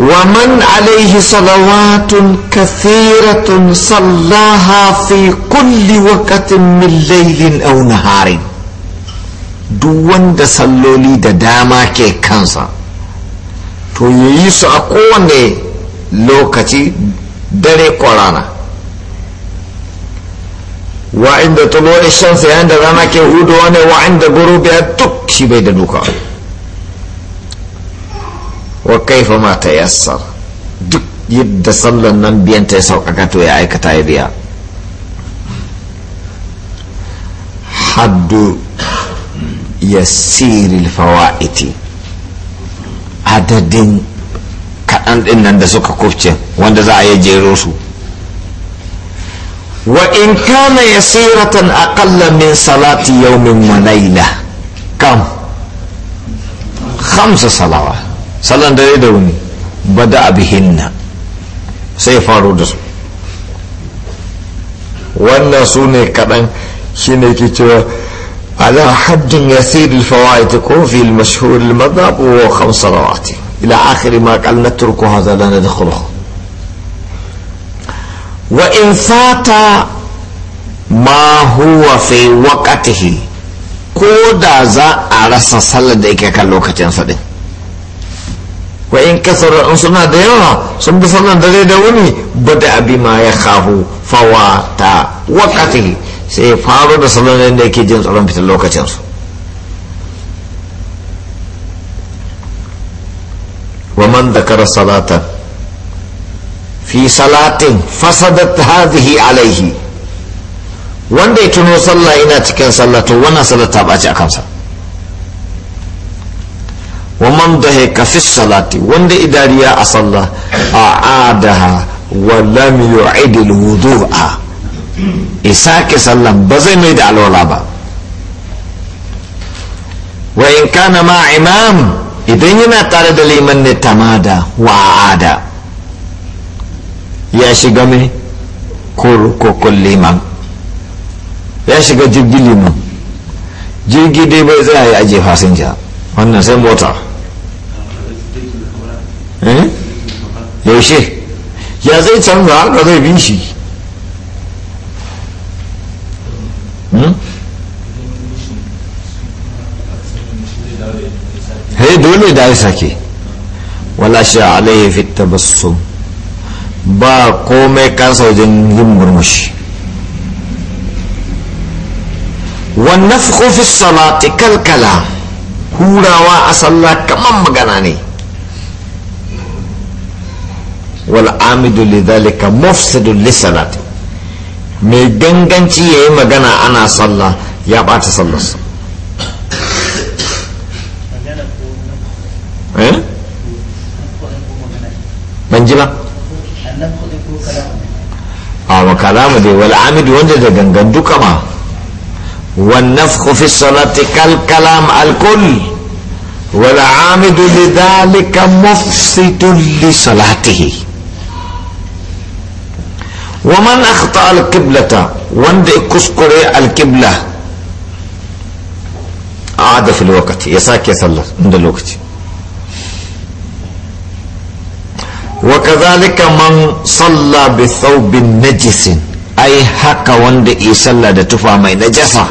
wa man alayhi salawatun kathiratun sallaha fi kulli waqtin min laylin aw naharin duk wanda salloli da dama ke kansa to yayi su a kowane lokaci dare ko wa inda tulo ishan sa yayin da rana ke hudu wani wa inda guru biya duk shi bai da duka wa kaifa ma ta yassar duk yadda sallan nan biyan ta ya sauƙaƙa to ya aikata ya biya haddu yassiril fawa'iti adadin kaɗan ɗin nan da suka kufce wanda za a yi jero su وإن كان يسيرة أقل من صلاة يوم وليلة كم خمس صلوات صلاة دريدون بدأ بهن سيفارو دس وانا سوني كدن شيني كتوى على حد يسير الفوائد تكون في المشهور المذهب هو خمس صلوات إلى آخر ما قال نترك هذا لا ندخله wa in fata ma huwa fi ko da za a rasa sallar da yake kan lokacin sa din wa in kasara in suna da yawa sun bi sallar dare da wuni bada abi ma ya khahu ta waqatihi sai faru da sallar da yake jin tsoron fitar lokacin su wa man dhakara salatan fi salatin fasadat hadhihi alaihi wanda ya tuno sallah ina cikin sallah to wannan sallah ta ɓaci a kansa wa man dahika fi salati wanda idariya a sallah a adaha wa lam yu'id al-wudu'a isake sallan ba zai mai da alwala ba wa in kana ma imam idan yana tare da liman ne tamada wa ada ya shiga mai kurkukun liman ya shiga jirgin liman jirgi dai bai zai yi ajiye fasinja wannan sai mota eh? yaushe ya zai canza haka zai bin shi hai hmm? eh, dole da ya sake wala sha alaihi fi tabassum ba komai kansa wajen yin murmushi wannan fi salati kalkala hurawa a sallah kamar magana ne wal'amidu lidhalika mufsidun lissalati mai ganganci yayi magana ana sallah ya bata sallarsa eh? ban ba a wa kalamu dai wal amid wanda da gangan duka ma wan nafkhu fi salati kal kalam al kull wal amid lidhalika mufsitun li salatihi wa man akhta al qiblata wanda kuskure al qibla aada fil waqti ya sake sallar inda lokaci وكذلك من صلى بثوب نجس أي حق وند يصلى تفا مي نجسة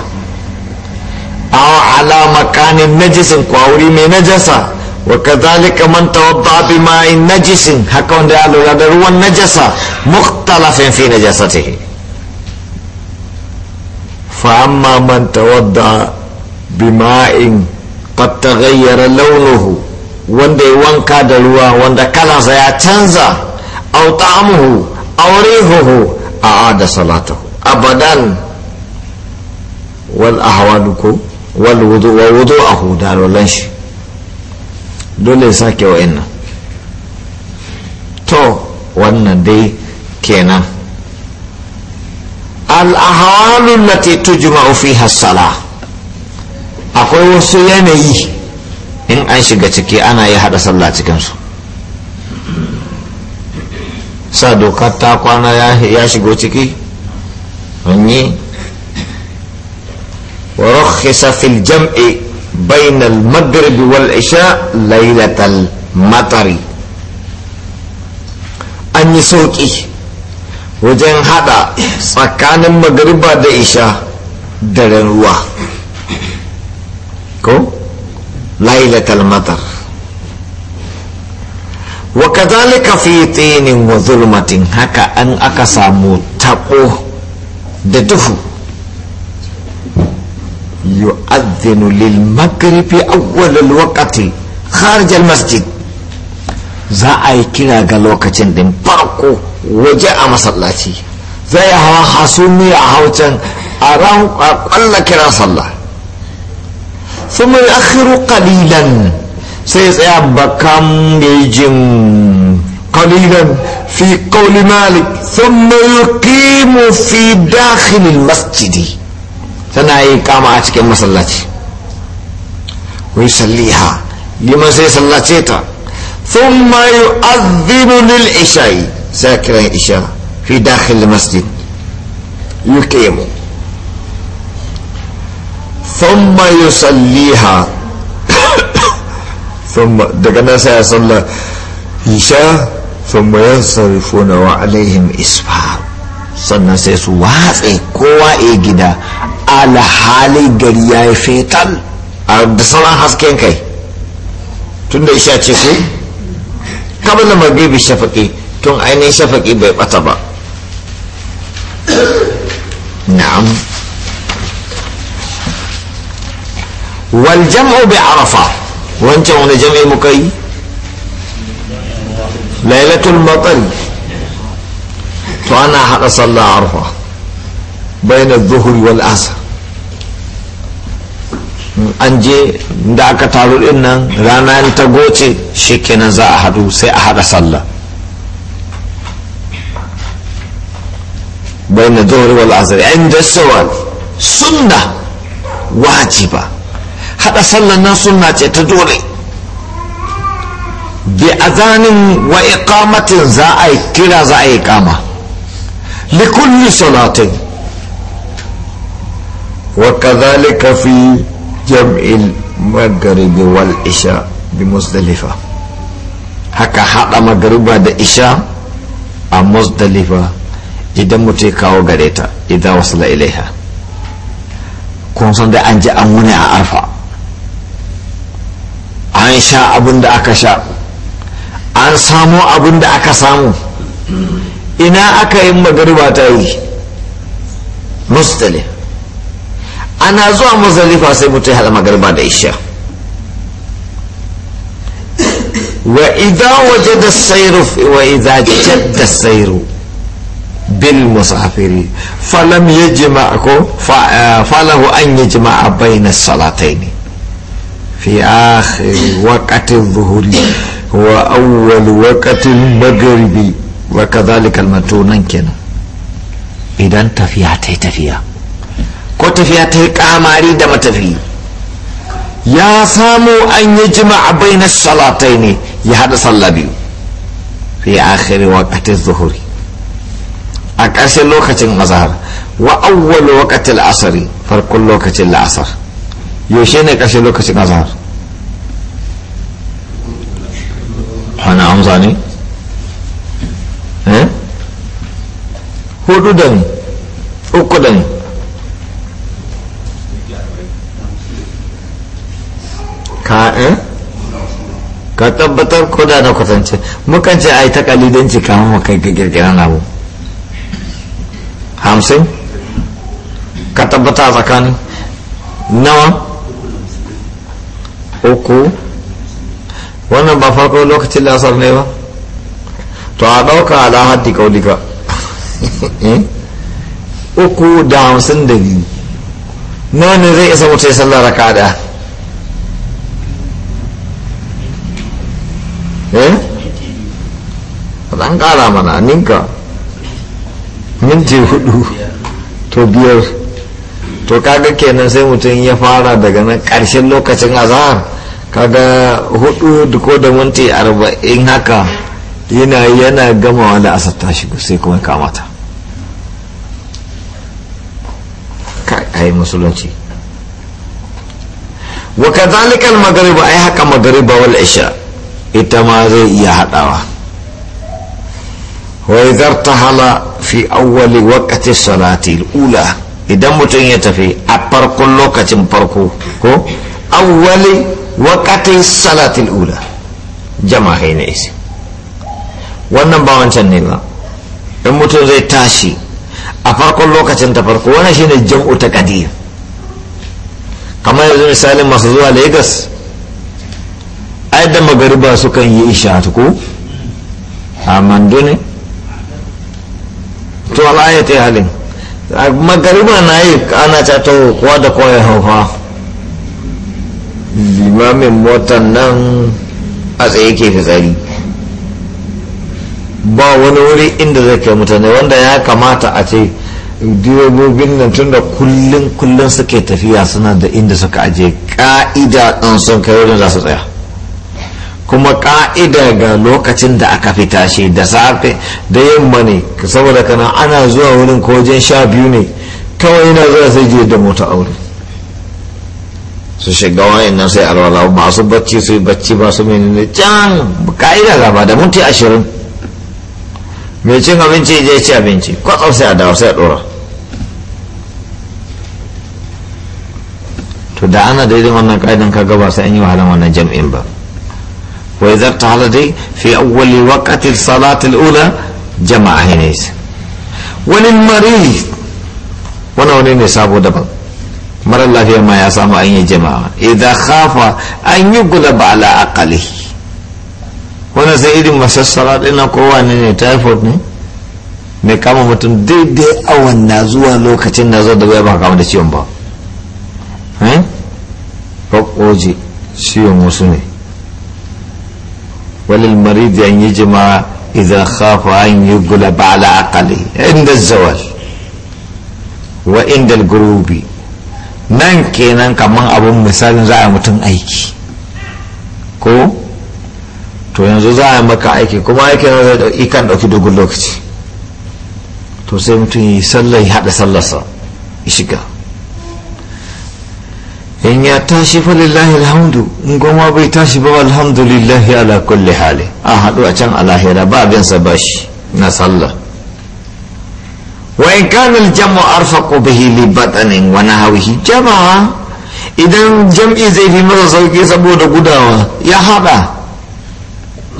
أو على مكان نجس كوري من نجسة وكذلك من توضع بماء نجس حق وند يالو النجسة مختلف في نجاسته فأما من توضع بماء قد تغير لونه wanda ya wanka da ruwa wanda kalansa ya canza au ta'amuhu aurihuhu a ada salatu abadan wal ahwaluku wal wudu wa wudu ahu rolan shi dole ya sake wa'annan to wannan dai kenan al-ahwalu allati tujma'u fiha as-salah akwai wasu yanayi in an shiga ciki ana yi hada sallah cikinsu sa dokar ta kwana ya shigo ciki hanyi wa rukhisa fil jam'i bainal al maghrib wal isha lailatal matari an yi sauki wajen hada tsakanin magariba da isha daren ruwa ko lailatal talmatar wa kazalika fi tinin wa zulmatin haka an aka samu taɓo da duhu yu'adhdhinu lil maghribi awwal al waqti kharij masjid za a yi kira ga lokacin din farko waje a masallaci zai hawa hasumi a haucan a ran kwalla kira sallah ثم يؤخر قليلا سيسعى بكم يجم قليلا في قول مالك ثم يقيم في داخل المسجد سنعي كما أتك المسلاتي ويصليها لما سيصلاتيتا ثم يؤذن للعشاء ساكرا العشاء في داخل المسجد يقيمه ثم nan ثم ya salla isha thumma na wa alaihim isfar sannan sai su watse kowa a gida alhali gari ya yi fetal a da sauran hasken kai tun da isha ce ku kamar da magribi shafaƙi tun ainihin shafaƙi bai bata ba na'am والجمع بعرفة وانت هنا جمع مكي ليلة المطر فأنا حق صلى عرفة بين الظهر والعصر an je da aka taru din nan rana ta goce shikenan za a hadu sai a haɗa sallah bayan da zuhri wal asr inda sawal sunna wajiba hada sallar nan ce ta dole bi azanin wa iqamatin za a yi kira za a yi kama likulli salatin wa kadhalika fi jam'il maghrib wal isha bi musdalifa haka hada magariba da isha a musdalifa idan mutum kawo gareta idan wasu ilaiha kun san da an ji an wuni a arfa an sha abin da aka sha an samo abin da aka samu ina aka yi magariba ta yi mustali ana zuwa mazalifa sai mutu ya magariba da isha wa waje da sairu wa idza jadda sairu bil musafiri falam ko eh, falahu an yajma'a bayna salataini في آخر وقت الظهر وأول وقت المغرب وكذلك المتونن كنا إذا تفيا تي تفيا ko tafiya ta yi kamari da matafi ya samu an yi jima'a baina na salatai ne ya haɗa sallah biyu fi akhiri zuhuri a karse lokacin azhar wa awwal waqatil farkon lokacin la'asar yaushe ne ƙarshe lokacin azhar hana amsa ne eh? hudu da ne uku da ne eh? ka tabbatar ko da na kwatance mukan ce ai ta kalidanci kamar mu kai ga na abu hamsin ka tabbata tsakanin nawa uku wannan ba farko lokacin lasar ne ba to a ɗauka ala haddi kaulika eh? uku da hamsin da biyu nonin zai isa mutu ya sallar raka da eh ɗan ƙara mana ninka minti hudu to biyar to kaga kenan sai mutum ya fara daga nan ƙarshen lokacin azahar kaga hudu ko da minti arba'in haka yana yana gamawa da asar ta shigo sai kuma kamata ai musulunci wa kadhalika al ai haka magariba wal isha ita ma zai iya hadawa wa ta tahala fi awwali waqti salati al-ula idan mutum ya tafi a farkon lokacin farko ko awwali waqatin salatil ula jama'a ne isi wannan ba wancan ne ba in mutum zai tashi a farkon lokacin ta farko wani wannan shine jam'u ta qadim kamar yanzu misalin masu zuwa Lagos ai da magariba kan yi isha ko a mandu ne to halin magariba na yi ana cato kowa da kowa ya limamin motan nan a tsaye ke fitsari ba wani wuri inda zai kai mutane wanda ya kamata a ce direbobin nan tun da kullum kullum suke tafiya suna da inda suka aje ka'ida ɗan sun kai wurin za su tsaya kuma ka'ida ga lokacin da aka fita shi da safe da yamma ne saboda kana ana zuwa wurin kojin sha biyu ne kawai yana zuwa sai je da mota aure su shiga wayan nan sai alwala masu bacci su yi bacci ba su ne can ka'ida gaba da minti ashirin mai cin abinci je ci abinci kwatsam sai a dawo sai a dora to da ana daidai wannan ka'idan ka gaba sai an yi wahala wannan jam'in ba وإذا ارتحلت في أول وقت الصلاة الأولى جمع هنيس وللمريض وانا ونين يسابو دبا مر الله فيما يسام أن يجمع إذا خاف أن يقلب على أقله وانا سيدي مسا الصلاة إنا قواني تايفود ني mai kama mutum daidai awan na zuwa lokacin na zo da bai ba kama da ciwon ba eh? ciwon wasu ne walil marid an yajma idan khafa an yughlab ala aqli inda zawal wa inda gurubi nan kenan kaman abun misalin za a mutum aiki ko to yanzu za a maka aiki kuma aiki zai kan ɗauki dogon lokaci to sai mutum yi sallar ya haɗa sallarsa ya shiga in ya tashi fa lillahi alhamdu in goma bai tashi ba alhamdulillahi ala kulli hali a hadu a can alahira ba abin sa bashi na sallah wa in kana aljamu arfaqu bihi li batanin wa nahwihi jama'a idan jam'i zai fi masa sauki saboda gudawa ya haɗa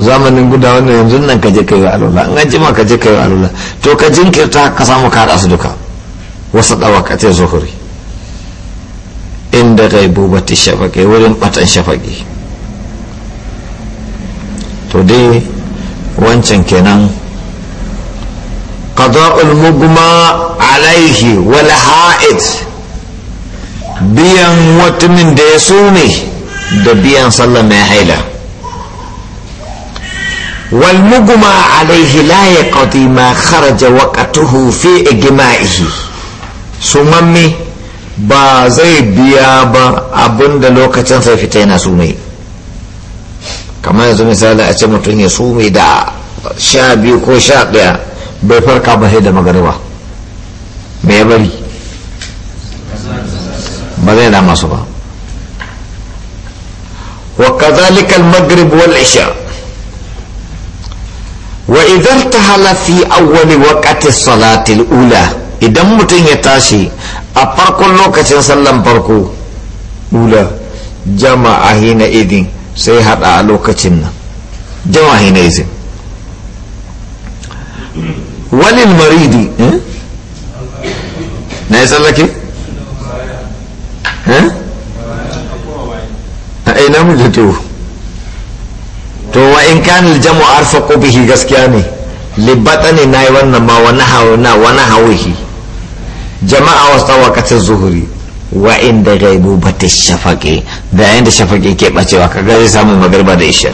zamanin gudawa ne yanzu nan ka je kai wa alula in an jima ka je kai wa alula to ka jinkirta ka samu ka haɗa duka wasu ɗawa ka ce zuhuri inda gaibubati shafaqi wurin batan shafaqi to dai wancan kenan qada'ul mugma alaihi wal ha'id biyan mutumin da ya sume da biyan sallah mai haila wal mugma alaihi la yaqdi ma kharaja waqtuhu fi igma'ihi sumamme ba zai biya ba abinda lokacin sai fita yana sumai kamar yanzu misali a ce mutum ya sumai da sha biyu ko sha ɗaya bai farka ba sai da magariba mai bari ba zai dama su ba wa kazalikal maghrib wal isha wa idan ta halafi awwali waqti salati al-ula idan mutum ya tashi a farkon lokacin sallan farko ula jama'a hina idin sai hada a lokacin nan jama'a hina idin walin maridi eh? na yi tsallake? Eh? a ina mu to to wa in kanil jama'ar faƙo bihi gaskiya ne libatani na yi wannan ma wani hauna wani hawihi jama'a wasu wakacin zuhuri wa inda gaibu ta shafaƙe da yayin da shafaƙe ke ɓacewa ka zai samun magarba da ishar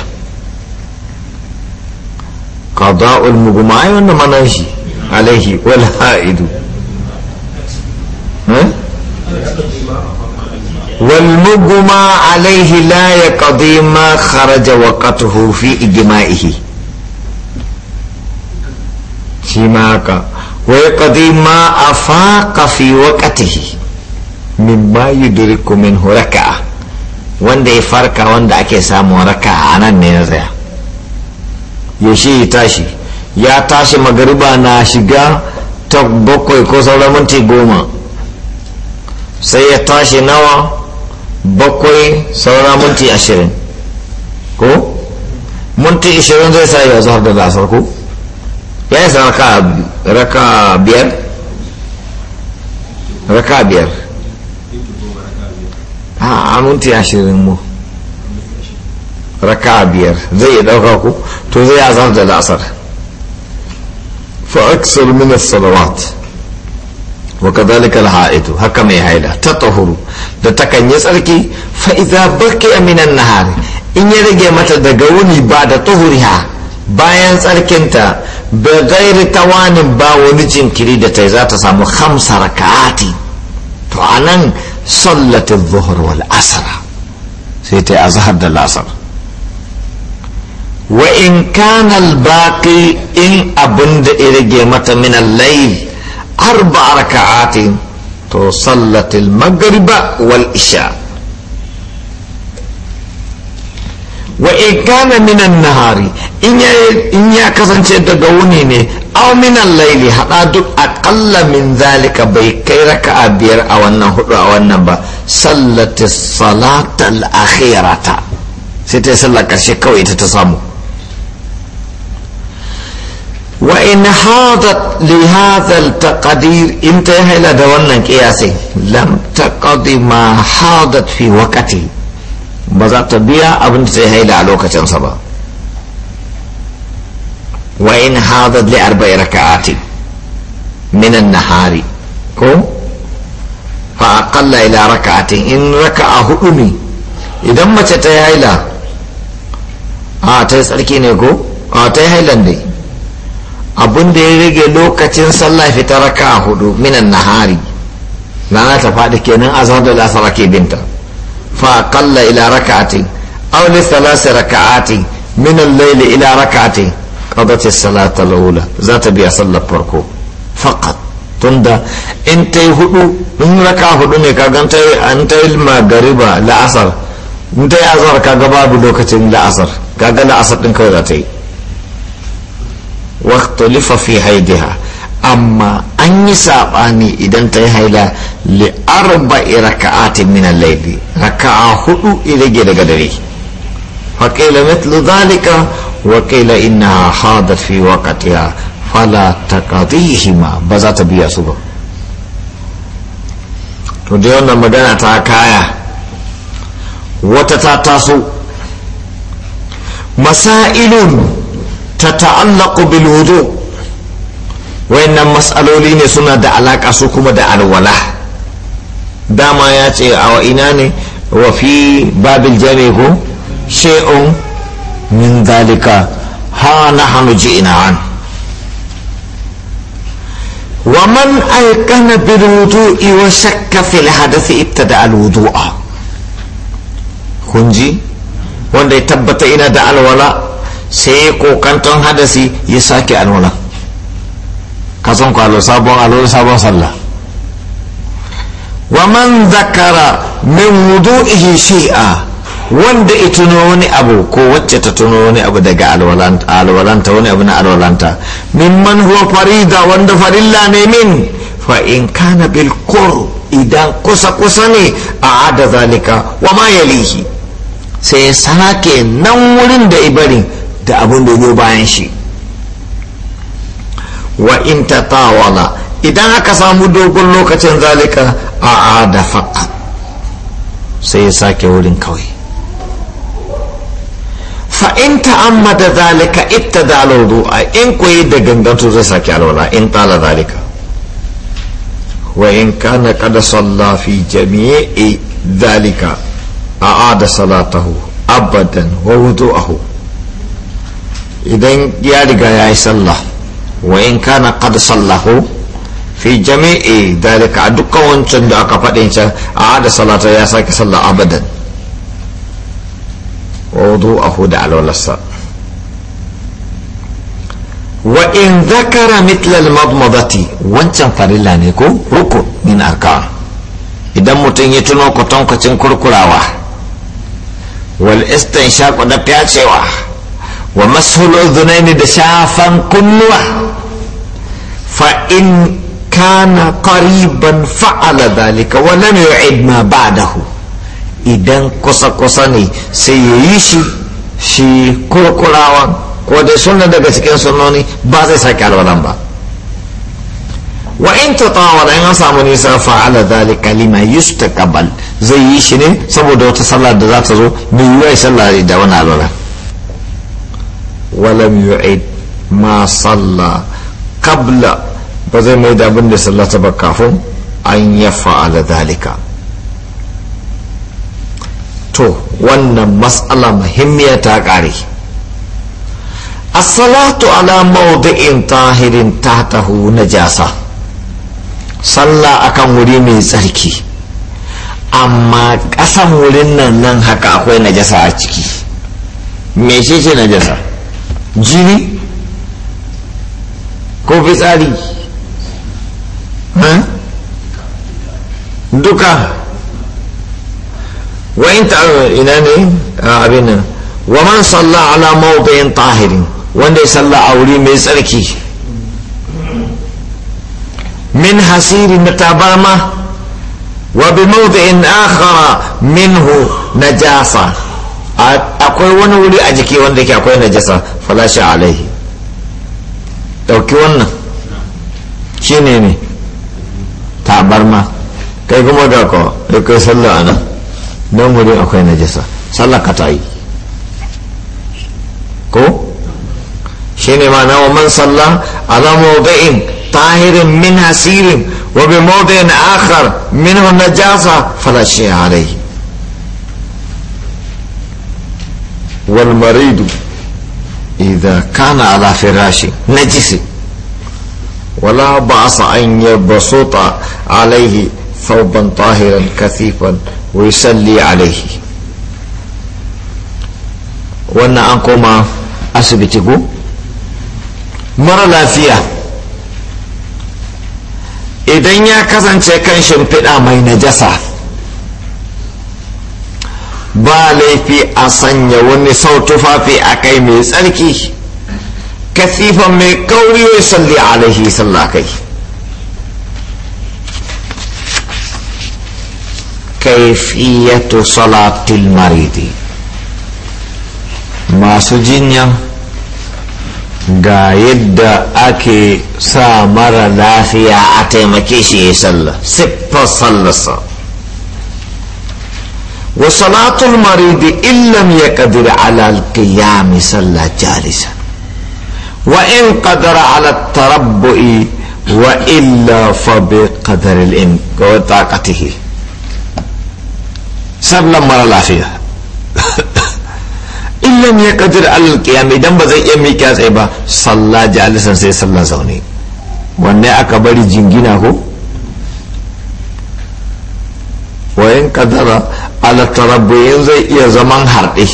qada'ul mugma ai wannan manan shi alaihi wal ha'idu والمجمع عليه لا يقضي ما خرج وقته في إجمائه shi ma haka wai kadi ma a faƙa fi waƙatihi min ma duri min huraka wanda ya farka wanda ake samu raka a nan ne na saya. yaushe ya tashi ya tashi magariba na shiga ta bakwai ko sauran minti goma sai ya tashi nawa bakwai sauran minti ashirin ko minti ashirin zai sa ya zuwa da lasar ko Yes, Rakab. Rakabir. Rakabir. Ah, aminti ashirin mu. Rakabir. Zai ɗauka ku, to zai azar da العصر فأكثر من الصلوات وكذلك الحائط هكما يهيلا تطهر دتكن يسألكي فإذا بقي من النهار إن يرجع متى دقوني بعد طهرها bayan tsarkinta bai gairi tawanin ba wani jinkiri da ta za ta samu hamsa raka'ati to a nan sallatin zuhur wal asara sai ta yi azhar da lasar wa in kana baki in abin da ya rage mata min al-layl arba raka'atin to sallatil magriba wal isha wa kana minan nahari in ya kasance daga wuni ne aw minan laili hada duk akalla min zalika bai kai a biyar a wannan hudu a wannan ba sallati salatal akhirata sai ta sallar karshe kawai ta ta samu wa in hada li hadha al taqdir in ta haila da wannan kiyasi lam taqdi ma hadat fi waqti ba za ta biya abin da ta haila a lokacinsa ba wa in hadad li arba'i raka'ati min an-nahari ko fa aqalla ila raka'ati in raka'a hudu ne idan mace ta haila a ta tsarki ne ko a ta hailan ne abin da ya rage lokacin sallah fita raka'a hudu minan nahari na ta faɗi kenan azhar da lasara ke binta fa qalla ila rak'atin aw li thalath rak'atin min al-layl ila rak'atin qadat as-salat al-ula za ta biya sallar farko faqat tunda in ta yi hudu in raka hudu ne ka gan an ta yi magariba la'asar in ta yi azar ka ga babu lokacin la'asar ka ga la'asar din kawai za ta yi waqtulifa fi haidiha amma an yi saɓani idan ta yi haila li arba'i raka'atin min al raka'a hudu rage daga dare fa qila mithlu dhalika wa qila innaha hadat fi waqtiha fala taqadihima ba za ta biya su ba to dai wannan magana ta kaya wata ta taso masailun ta ta'allaqu bil wudu' wayannan matsaloli ne suna da alaka su kuma da alwala dama ya ce a ina ne wa fi babil jami ko min dalika ha nahnu ji'na an wa man aikana bil wudu wa shakka fil hadasi ita da wudu'a kunji wanda ya tabbata ina da alwala sai kokanton hadasi ya sake alwala kasan kwalo sabon alo sabon sallah wa man zakara min wudu'ihi shi'a wanda ituno wani abu ko wacce ta tuno wani abu daga alwalanta wani abu na alwalanta mimman huwa da wanda farilla ne min fa in kana bil idan kusa kusa ne a ada zalika wa ma yalihi sai sake nan wurin da ibarin da abin da bayan shi wa in tatawala idan aka samu dogon lokacin zalika a da faqat sai ya sake wurin kawai fa in ta'ammada zalika ittada alwudu'a in koyi da ganganto zai sake alwala in tala zalika wa in kana qad salla fi jami'i zalika a'ada salatahu abadan wa wudu'ahu idan ya riga ya yi sallah وإن كان قد صلاه في جميع ذلك أدوك وانشن دعك فإنشا عاد صلاة يا ساك صلى أبدا ووضوءه على ولسا وإن ذكر مثل المضمضة وانشن فريلا نيكو ركو من أركان إذا متن يتنو كتن كتن كركراوة والإستنشاق ودفعت شواح wa mashul udhunaini da shafan kunnuwa fa in kana qariban fa'ala dhalika wa lam idan kusa kusa ne sai ya yi shi shi kurkurawan ko da sunna daga cikin sunnoni ba zai sake alwalan ba wa in tatawala in an samu nisa fa'ala dhalika lima kabal zai yi shi ne saboda wata sallar da za ta zo yi yiwa sallar da wani alwalan ولم يعد ما صلى قبل بزي ما يدا بند صلى تبكافهم أن يفعل ذلك تو وانا مسألة مهمة تاقاري الصلاة على موضع طاهر تحته نجاسة صلى أكم وريمي سركي amma ƙasan wurin nan nan haka akwai najasa a ciki mece ce najasa jini ko fitsari duka وإن إناني ابينا ومن صلى على موضع طاهر وإن صلى أولي ميسركي من حسير نتابامة وبموضع آخر منه نجاسة akwai wani wuri a jiki wanda ke akwai najasa falasha alaihi ɗauki wannan shi ne ne tabarma kai kuma ga ko kai sallah ana don wuri akwai najasa sallah ka yi ko shi ne ma nawa man sallah ala mawda'in tahirin min hasirin wa bi mawda'in akhar minhu najasa falasha alaihi والمريض إذا كان على فراش نجس ولا بأس أن يبسط عليه ثوبا طاهرا كثيفا ويصلي عليه وانا أنكما أسبتكو مرة لا فيها إذن يا كزن كان شمبئا مي نجسه ba laifi a sanya wani sau tufafi a kai mai tsarki kasifan mai kauri wai salli alaihi sallah kai kaifiyatu salatil maridi masu jinya ga yadda ake sa mara lafiya a taimake shi ya sallah siffar sallarsa وسلات المریض علم قدر القیام صلاح چالیس و ان قدر علط ترب و فب قدر طاقت سب لمر لافیہ علم یہ قدر القیام دم بز یم کیا صحبہ صلاح جالسن سے صلاح سونی ون اکبڑی جنگی نہ ہو wayan kadara ala tarabbiyin zai iya zaman harɗe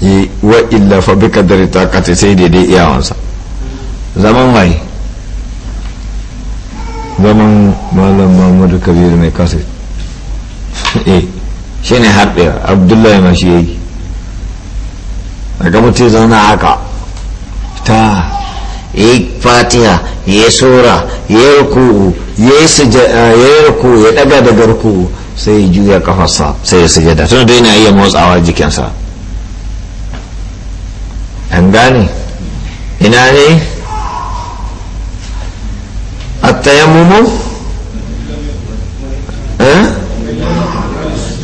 yi wa illa fa bi kadari ta kace sai daidai iyawansa zaman mai zaman malam mahmudu kabir mai kasit eh shine harɗe abdullahi mashi shi yayi daga mutum zauna haka ya yi fatiha ya yi sura ya yi ruku'u ya yi sujada ya daga daga ruku'u sai ya juya kafarsa sai ya sujada tun da yana iya motsawa jikinsa an gane ina ne attayammumu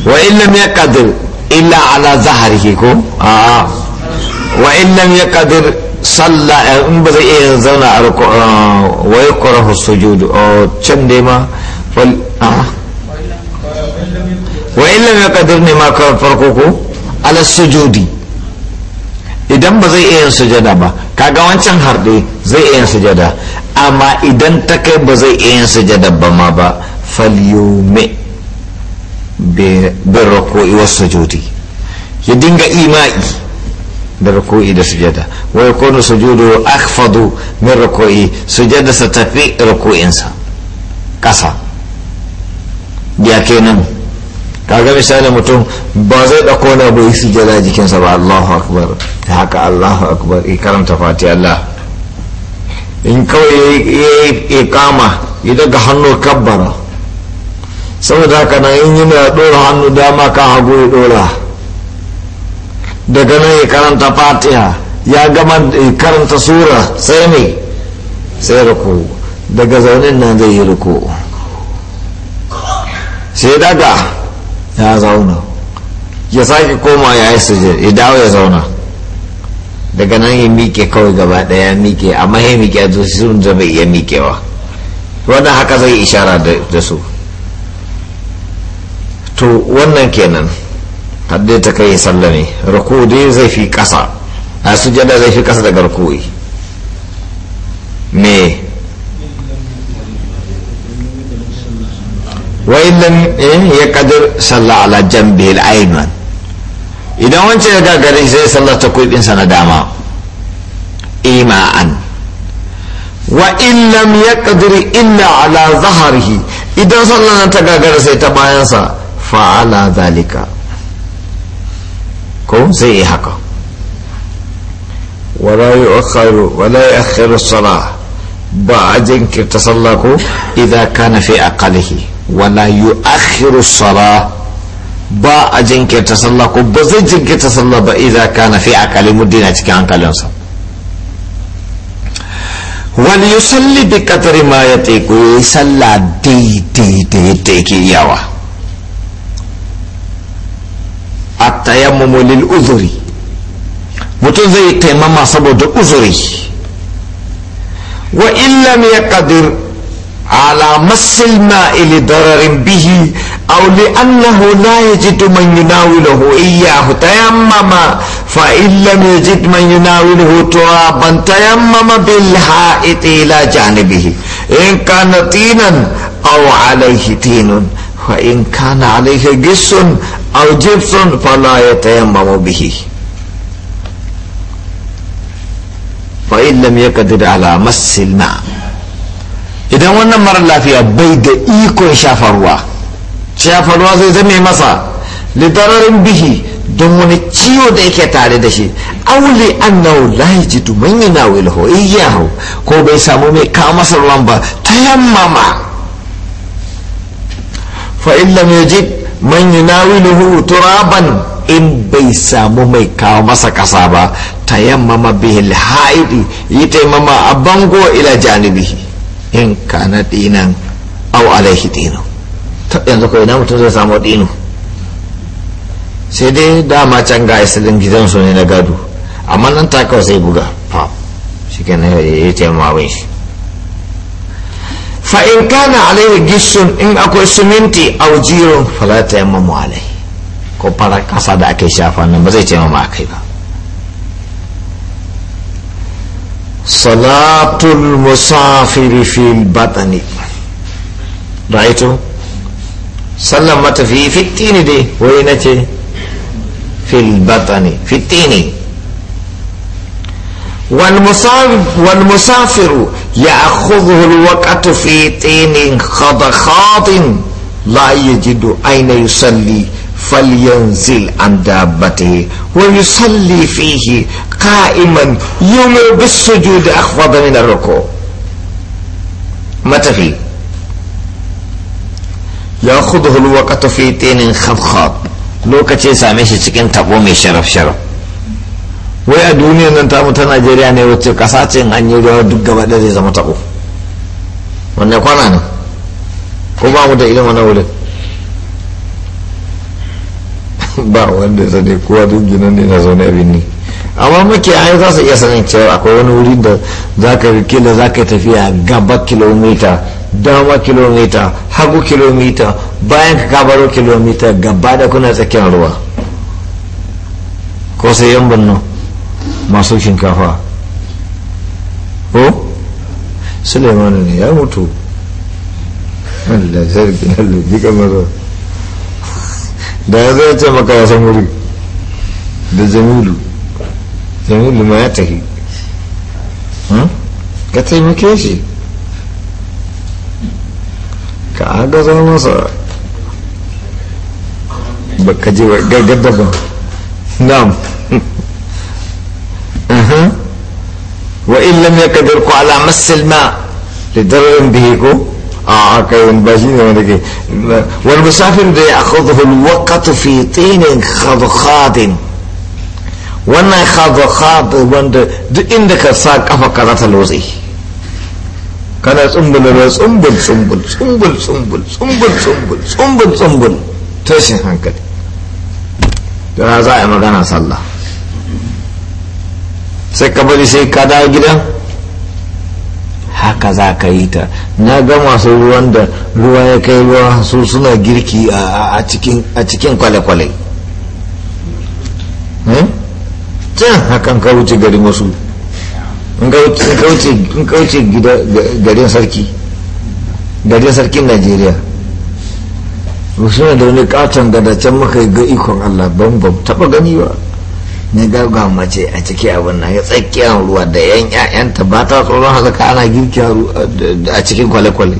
wa illam kadir. illa ala ke ko a wa illam kadir. salla eh, in ba zai iya zauna a eh, wai kwarahu sujudu oh, can dai ma ah. wa illa mai kadir ne ma farko ko ala sujudi idan ba zai iya sujada ba kaga wancan harɗe zai iya sujada amma idan ta kai ba zai iya sujada ba ma ba falyume bin ruku'i wasu sujudi ya dinga ima'i da ruku'i da sujada wa yakunu sujudu akhfadu min ruku'i sujada sa tafi ruku'insa kasa ya kenan kaga misali mutum ba zai da kona ba bai sujada jikinsa ba Allahu akbar haka Allahu akbar i karanta fatiha Allah in kawai yayi ikama idan ga hannu kabbara saboda haka na in yana dora hannu dama kan hagu ya dora daga nan ya karanta fatiha ya gama karanta sura sai ne sai ruku daga zaunin nan zai yi ruku sai daga ya zauna ya sake koma ya yi sujir ya dawo ya zauna daga nan ya mike kawai gaba ya mike amma ya mike a zuci sun zama iya mikewa wannan haka zai ishara da su to wannan kenan har dai ta kai sallame ruku dai zai fi kasa a sujada zai fi kasa daga ruku'i me wa illam eh, ya kadir salla ala jambi al-ayman idan wancan ya gagare zai sallata kuɗin sa na dama ima'an wa illam ya kadiri illa ala zaharihi idan sallan ta gagara sai ta bayansa fa'ala zalika كون زي حقا ولا يؤخر ولا يؤخر الصلاة بعد إنك تصلّكوا إذا كان في أقله ولا يؤخر الصلاة بعد إنك تصلّكوا بزج إنك تصلّب إذا كان في أقل مدينة كان قليلا وليصلي بقدر ما يتيكو يصلى دي دي دي, دي, دي, دي, دي, دي, دي, دي التيمم للعذر متون زي تيمم سبب العذر وان لم يقدر على مس الماء لضرر به او لانه لا يجد من يناوله اياه تيمم فان لم يجد من يناوله ترابا تيمم بالحائط الى جانبه ان كان تينا او عليه طين فإن كان عليك جس أو جبس فلا يتيمم به فإن لم يقدر على مس الماء إذا وانا مرة لا فيها بيد إيكو شافروا شافروا زي زمي مسا لضرر به don wani ciwo da yake tare da shi auli annahu la yajidu man yanawilahu iyyahu ko bai samu mai kama masa ruwan ba tayammama fa in lam yajid man yunawiluhu turaban in bai samu mai kawo masa kasa ba ta tayammama bihil haidi yi taimama a bango ila janibihi in na dinan au alaihi dinu ta yanzu kawai na mutum zai samu dinu sai dai dama can ga isilin gidansu ne na gado amma nan ta kawai sai buga fa shi kenan ya taimama shi fa in kana alaihi gissun in akwai siminti a jiro fala ta yamma mu alai ko fara kasa da ake shafa nan ba zai ce mama akai ba salatul musafiri fil batani ra'aitu sallan matafi fitini dai wai na ce fil batani fitini والمسافر يأخذه الوقت في تين خضخاض لا يجد أين يصلي فلينزل عن دابته ويصلي فيه قائما يمر بالسجود أخفض من الركوع متى فيه يأخذه الوقت في تين خضخاض لوكتي سامي cikin tabo mai شرف شرف wai a duniyar nan ta ta najeriya ne wacce kasa ce an yi ruwa duk gaba da zai zama tabo wannan kwana ne ko ba mu da ilimin na wurin ba wanda ya sani kowa duk ginan ne na zaune abin ne amma muke ai za su iya sanin cewa akwai wani wuri da za ka da za ka tafiya gaba kilomita dama kilomita hagu kilomita bayan ka kabaro kilomita gaba da kuna tsakiyar ruwa ko sai yan bannan masu shinkafa ko suleimanu ne ya mutu da ya zai ce maka ya san wuri da jamilu jamilu ma ya tafi hmm? ka taimake shi ka agaza masa ba ka je gargar daban na'am وإن لم يقدركم على مس الماء لضرر بهكم آه, آه، كان والمسافر يأخذه الوقت في طين خضخاد وانا خضخاد وان دو عندك ساق فقرات الوزي كان صنبل صنبل صنبل صنبل صنبل صنبل صنبل صنبل صنبل تشي هنكت هذا يا مغانا صلى الله عليه وسلم sai ka bari sai ka dawo gida haka za ka yi ta na ga masu ruwan da ruwa ya kai ruwa su suna girki a cikin kwale-kwale can hmm? hakan ka wuce gari masu in ka wuce garin sarki garin sarkin najeriya suna da wani katon gada can muka ga ikon allah bambam taba gani ba na garga mace a ciki abin nan ya tsakiyar ruwa da yan ƴaƴanta ba ta tsoron halaka ana girki a cikin kwale-kwale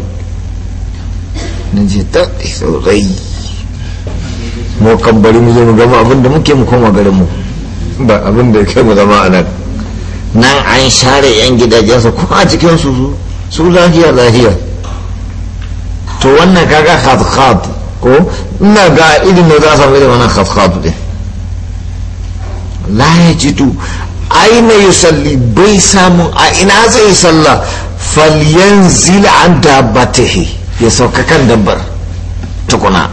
na ce ta tsorai mu kan bari mu zo mu gama abin da muke mu koma garin mu ba abin da kai mu zama a nan nan an share yan gidajensa kuma a cikin su su lafiya lafiya to wannan kaga khat ko ina ga idin da za a samu irin wannan khat din la jidu aina salli bai samu a ina zai salla zila an dabbatihi ya sauka kan dabbar tukuna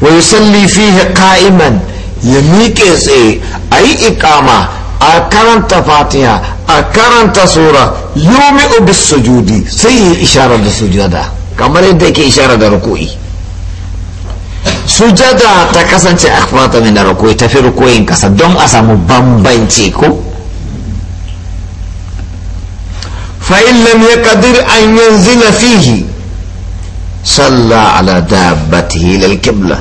wa salli fiye ka'iman ya miƙe tsaye a yi ikama a karanta fatiha a karanta sura yomi ubis sujudi sai yi isharar da sujada kamar yadda ke isharar da ruku'i sujada ta kasance akhfata min rukui tafi rukuyin kasa don a samu bambanci ko fa'in lam kadir an zina fihi salla ala dabbatihi hilal qibla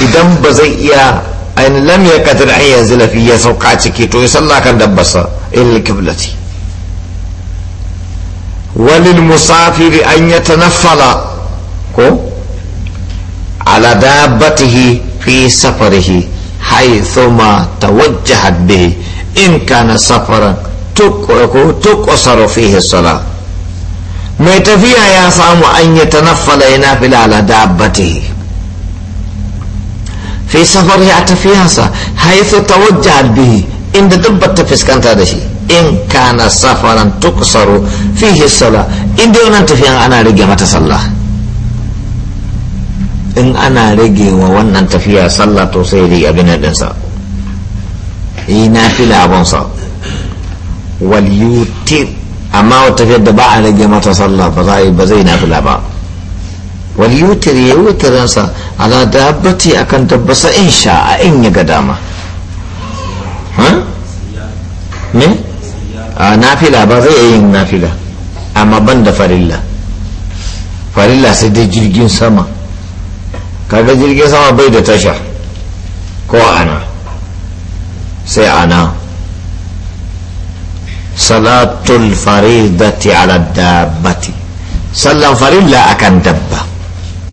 idan ba zai iya ainihin lam ya kadir an yanzu lafi ya sauka ciki to ya salla kan dabbasa hilal kiblati wani musafiri an ya tanaffala ko على دابته في سفره حيثما توجهت به إن كان سفرا تقصر فيه الصلاة mai tafiya ya samu an yi ta naffala yana fila ala dabbati fi safar ya tafiyansa haifu ta wajja albihi inda dabbar ta fiskanta da shi in kana safaran tuksaro fi hisala inda yana tafiyan ana rage mata sallah in ana rage wa wannan tafiya sallah to sai dai abin ɗinsa yi na fila abinsa wal yutir amma wa tafiyar da ba a rage mata sallah ba zai ba zai na fila ba wal yutir ya wutirinsa ala dabbati akan tabbasa in sha a in ya ga dama me a nafila ba zai yin nafila amma ban da farilla farilla sai dai jirgin sama kaga jirgin sama bai da tasha ko ana sai ana salatul faridati ala dabbati sallan farilla akan dabba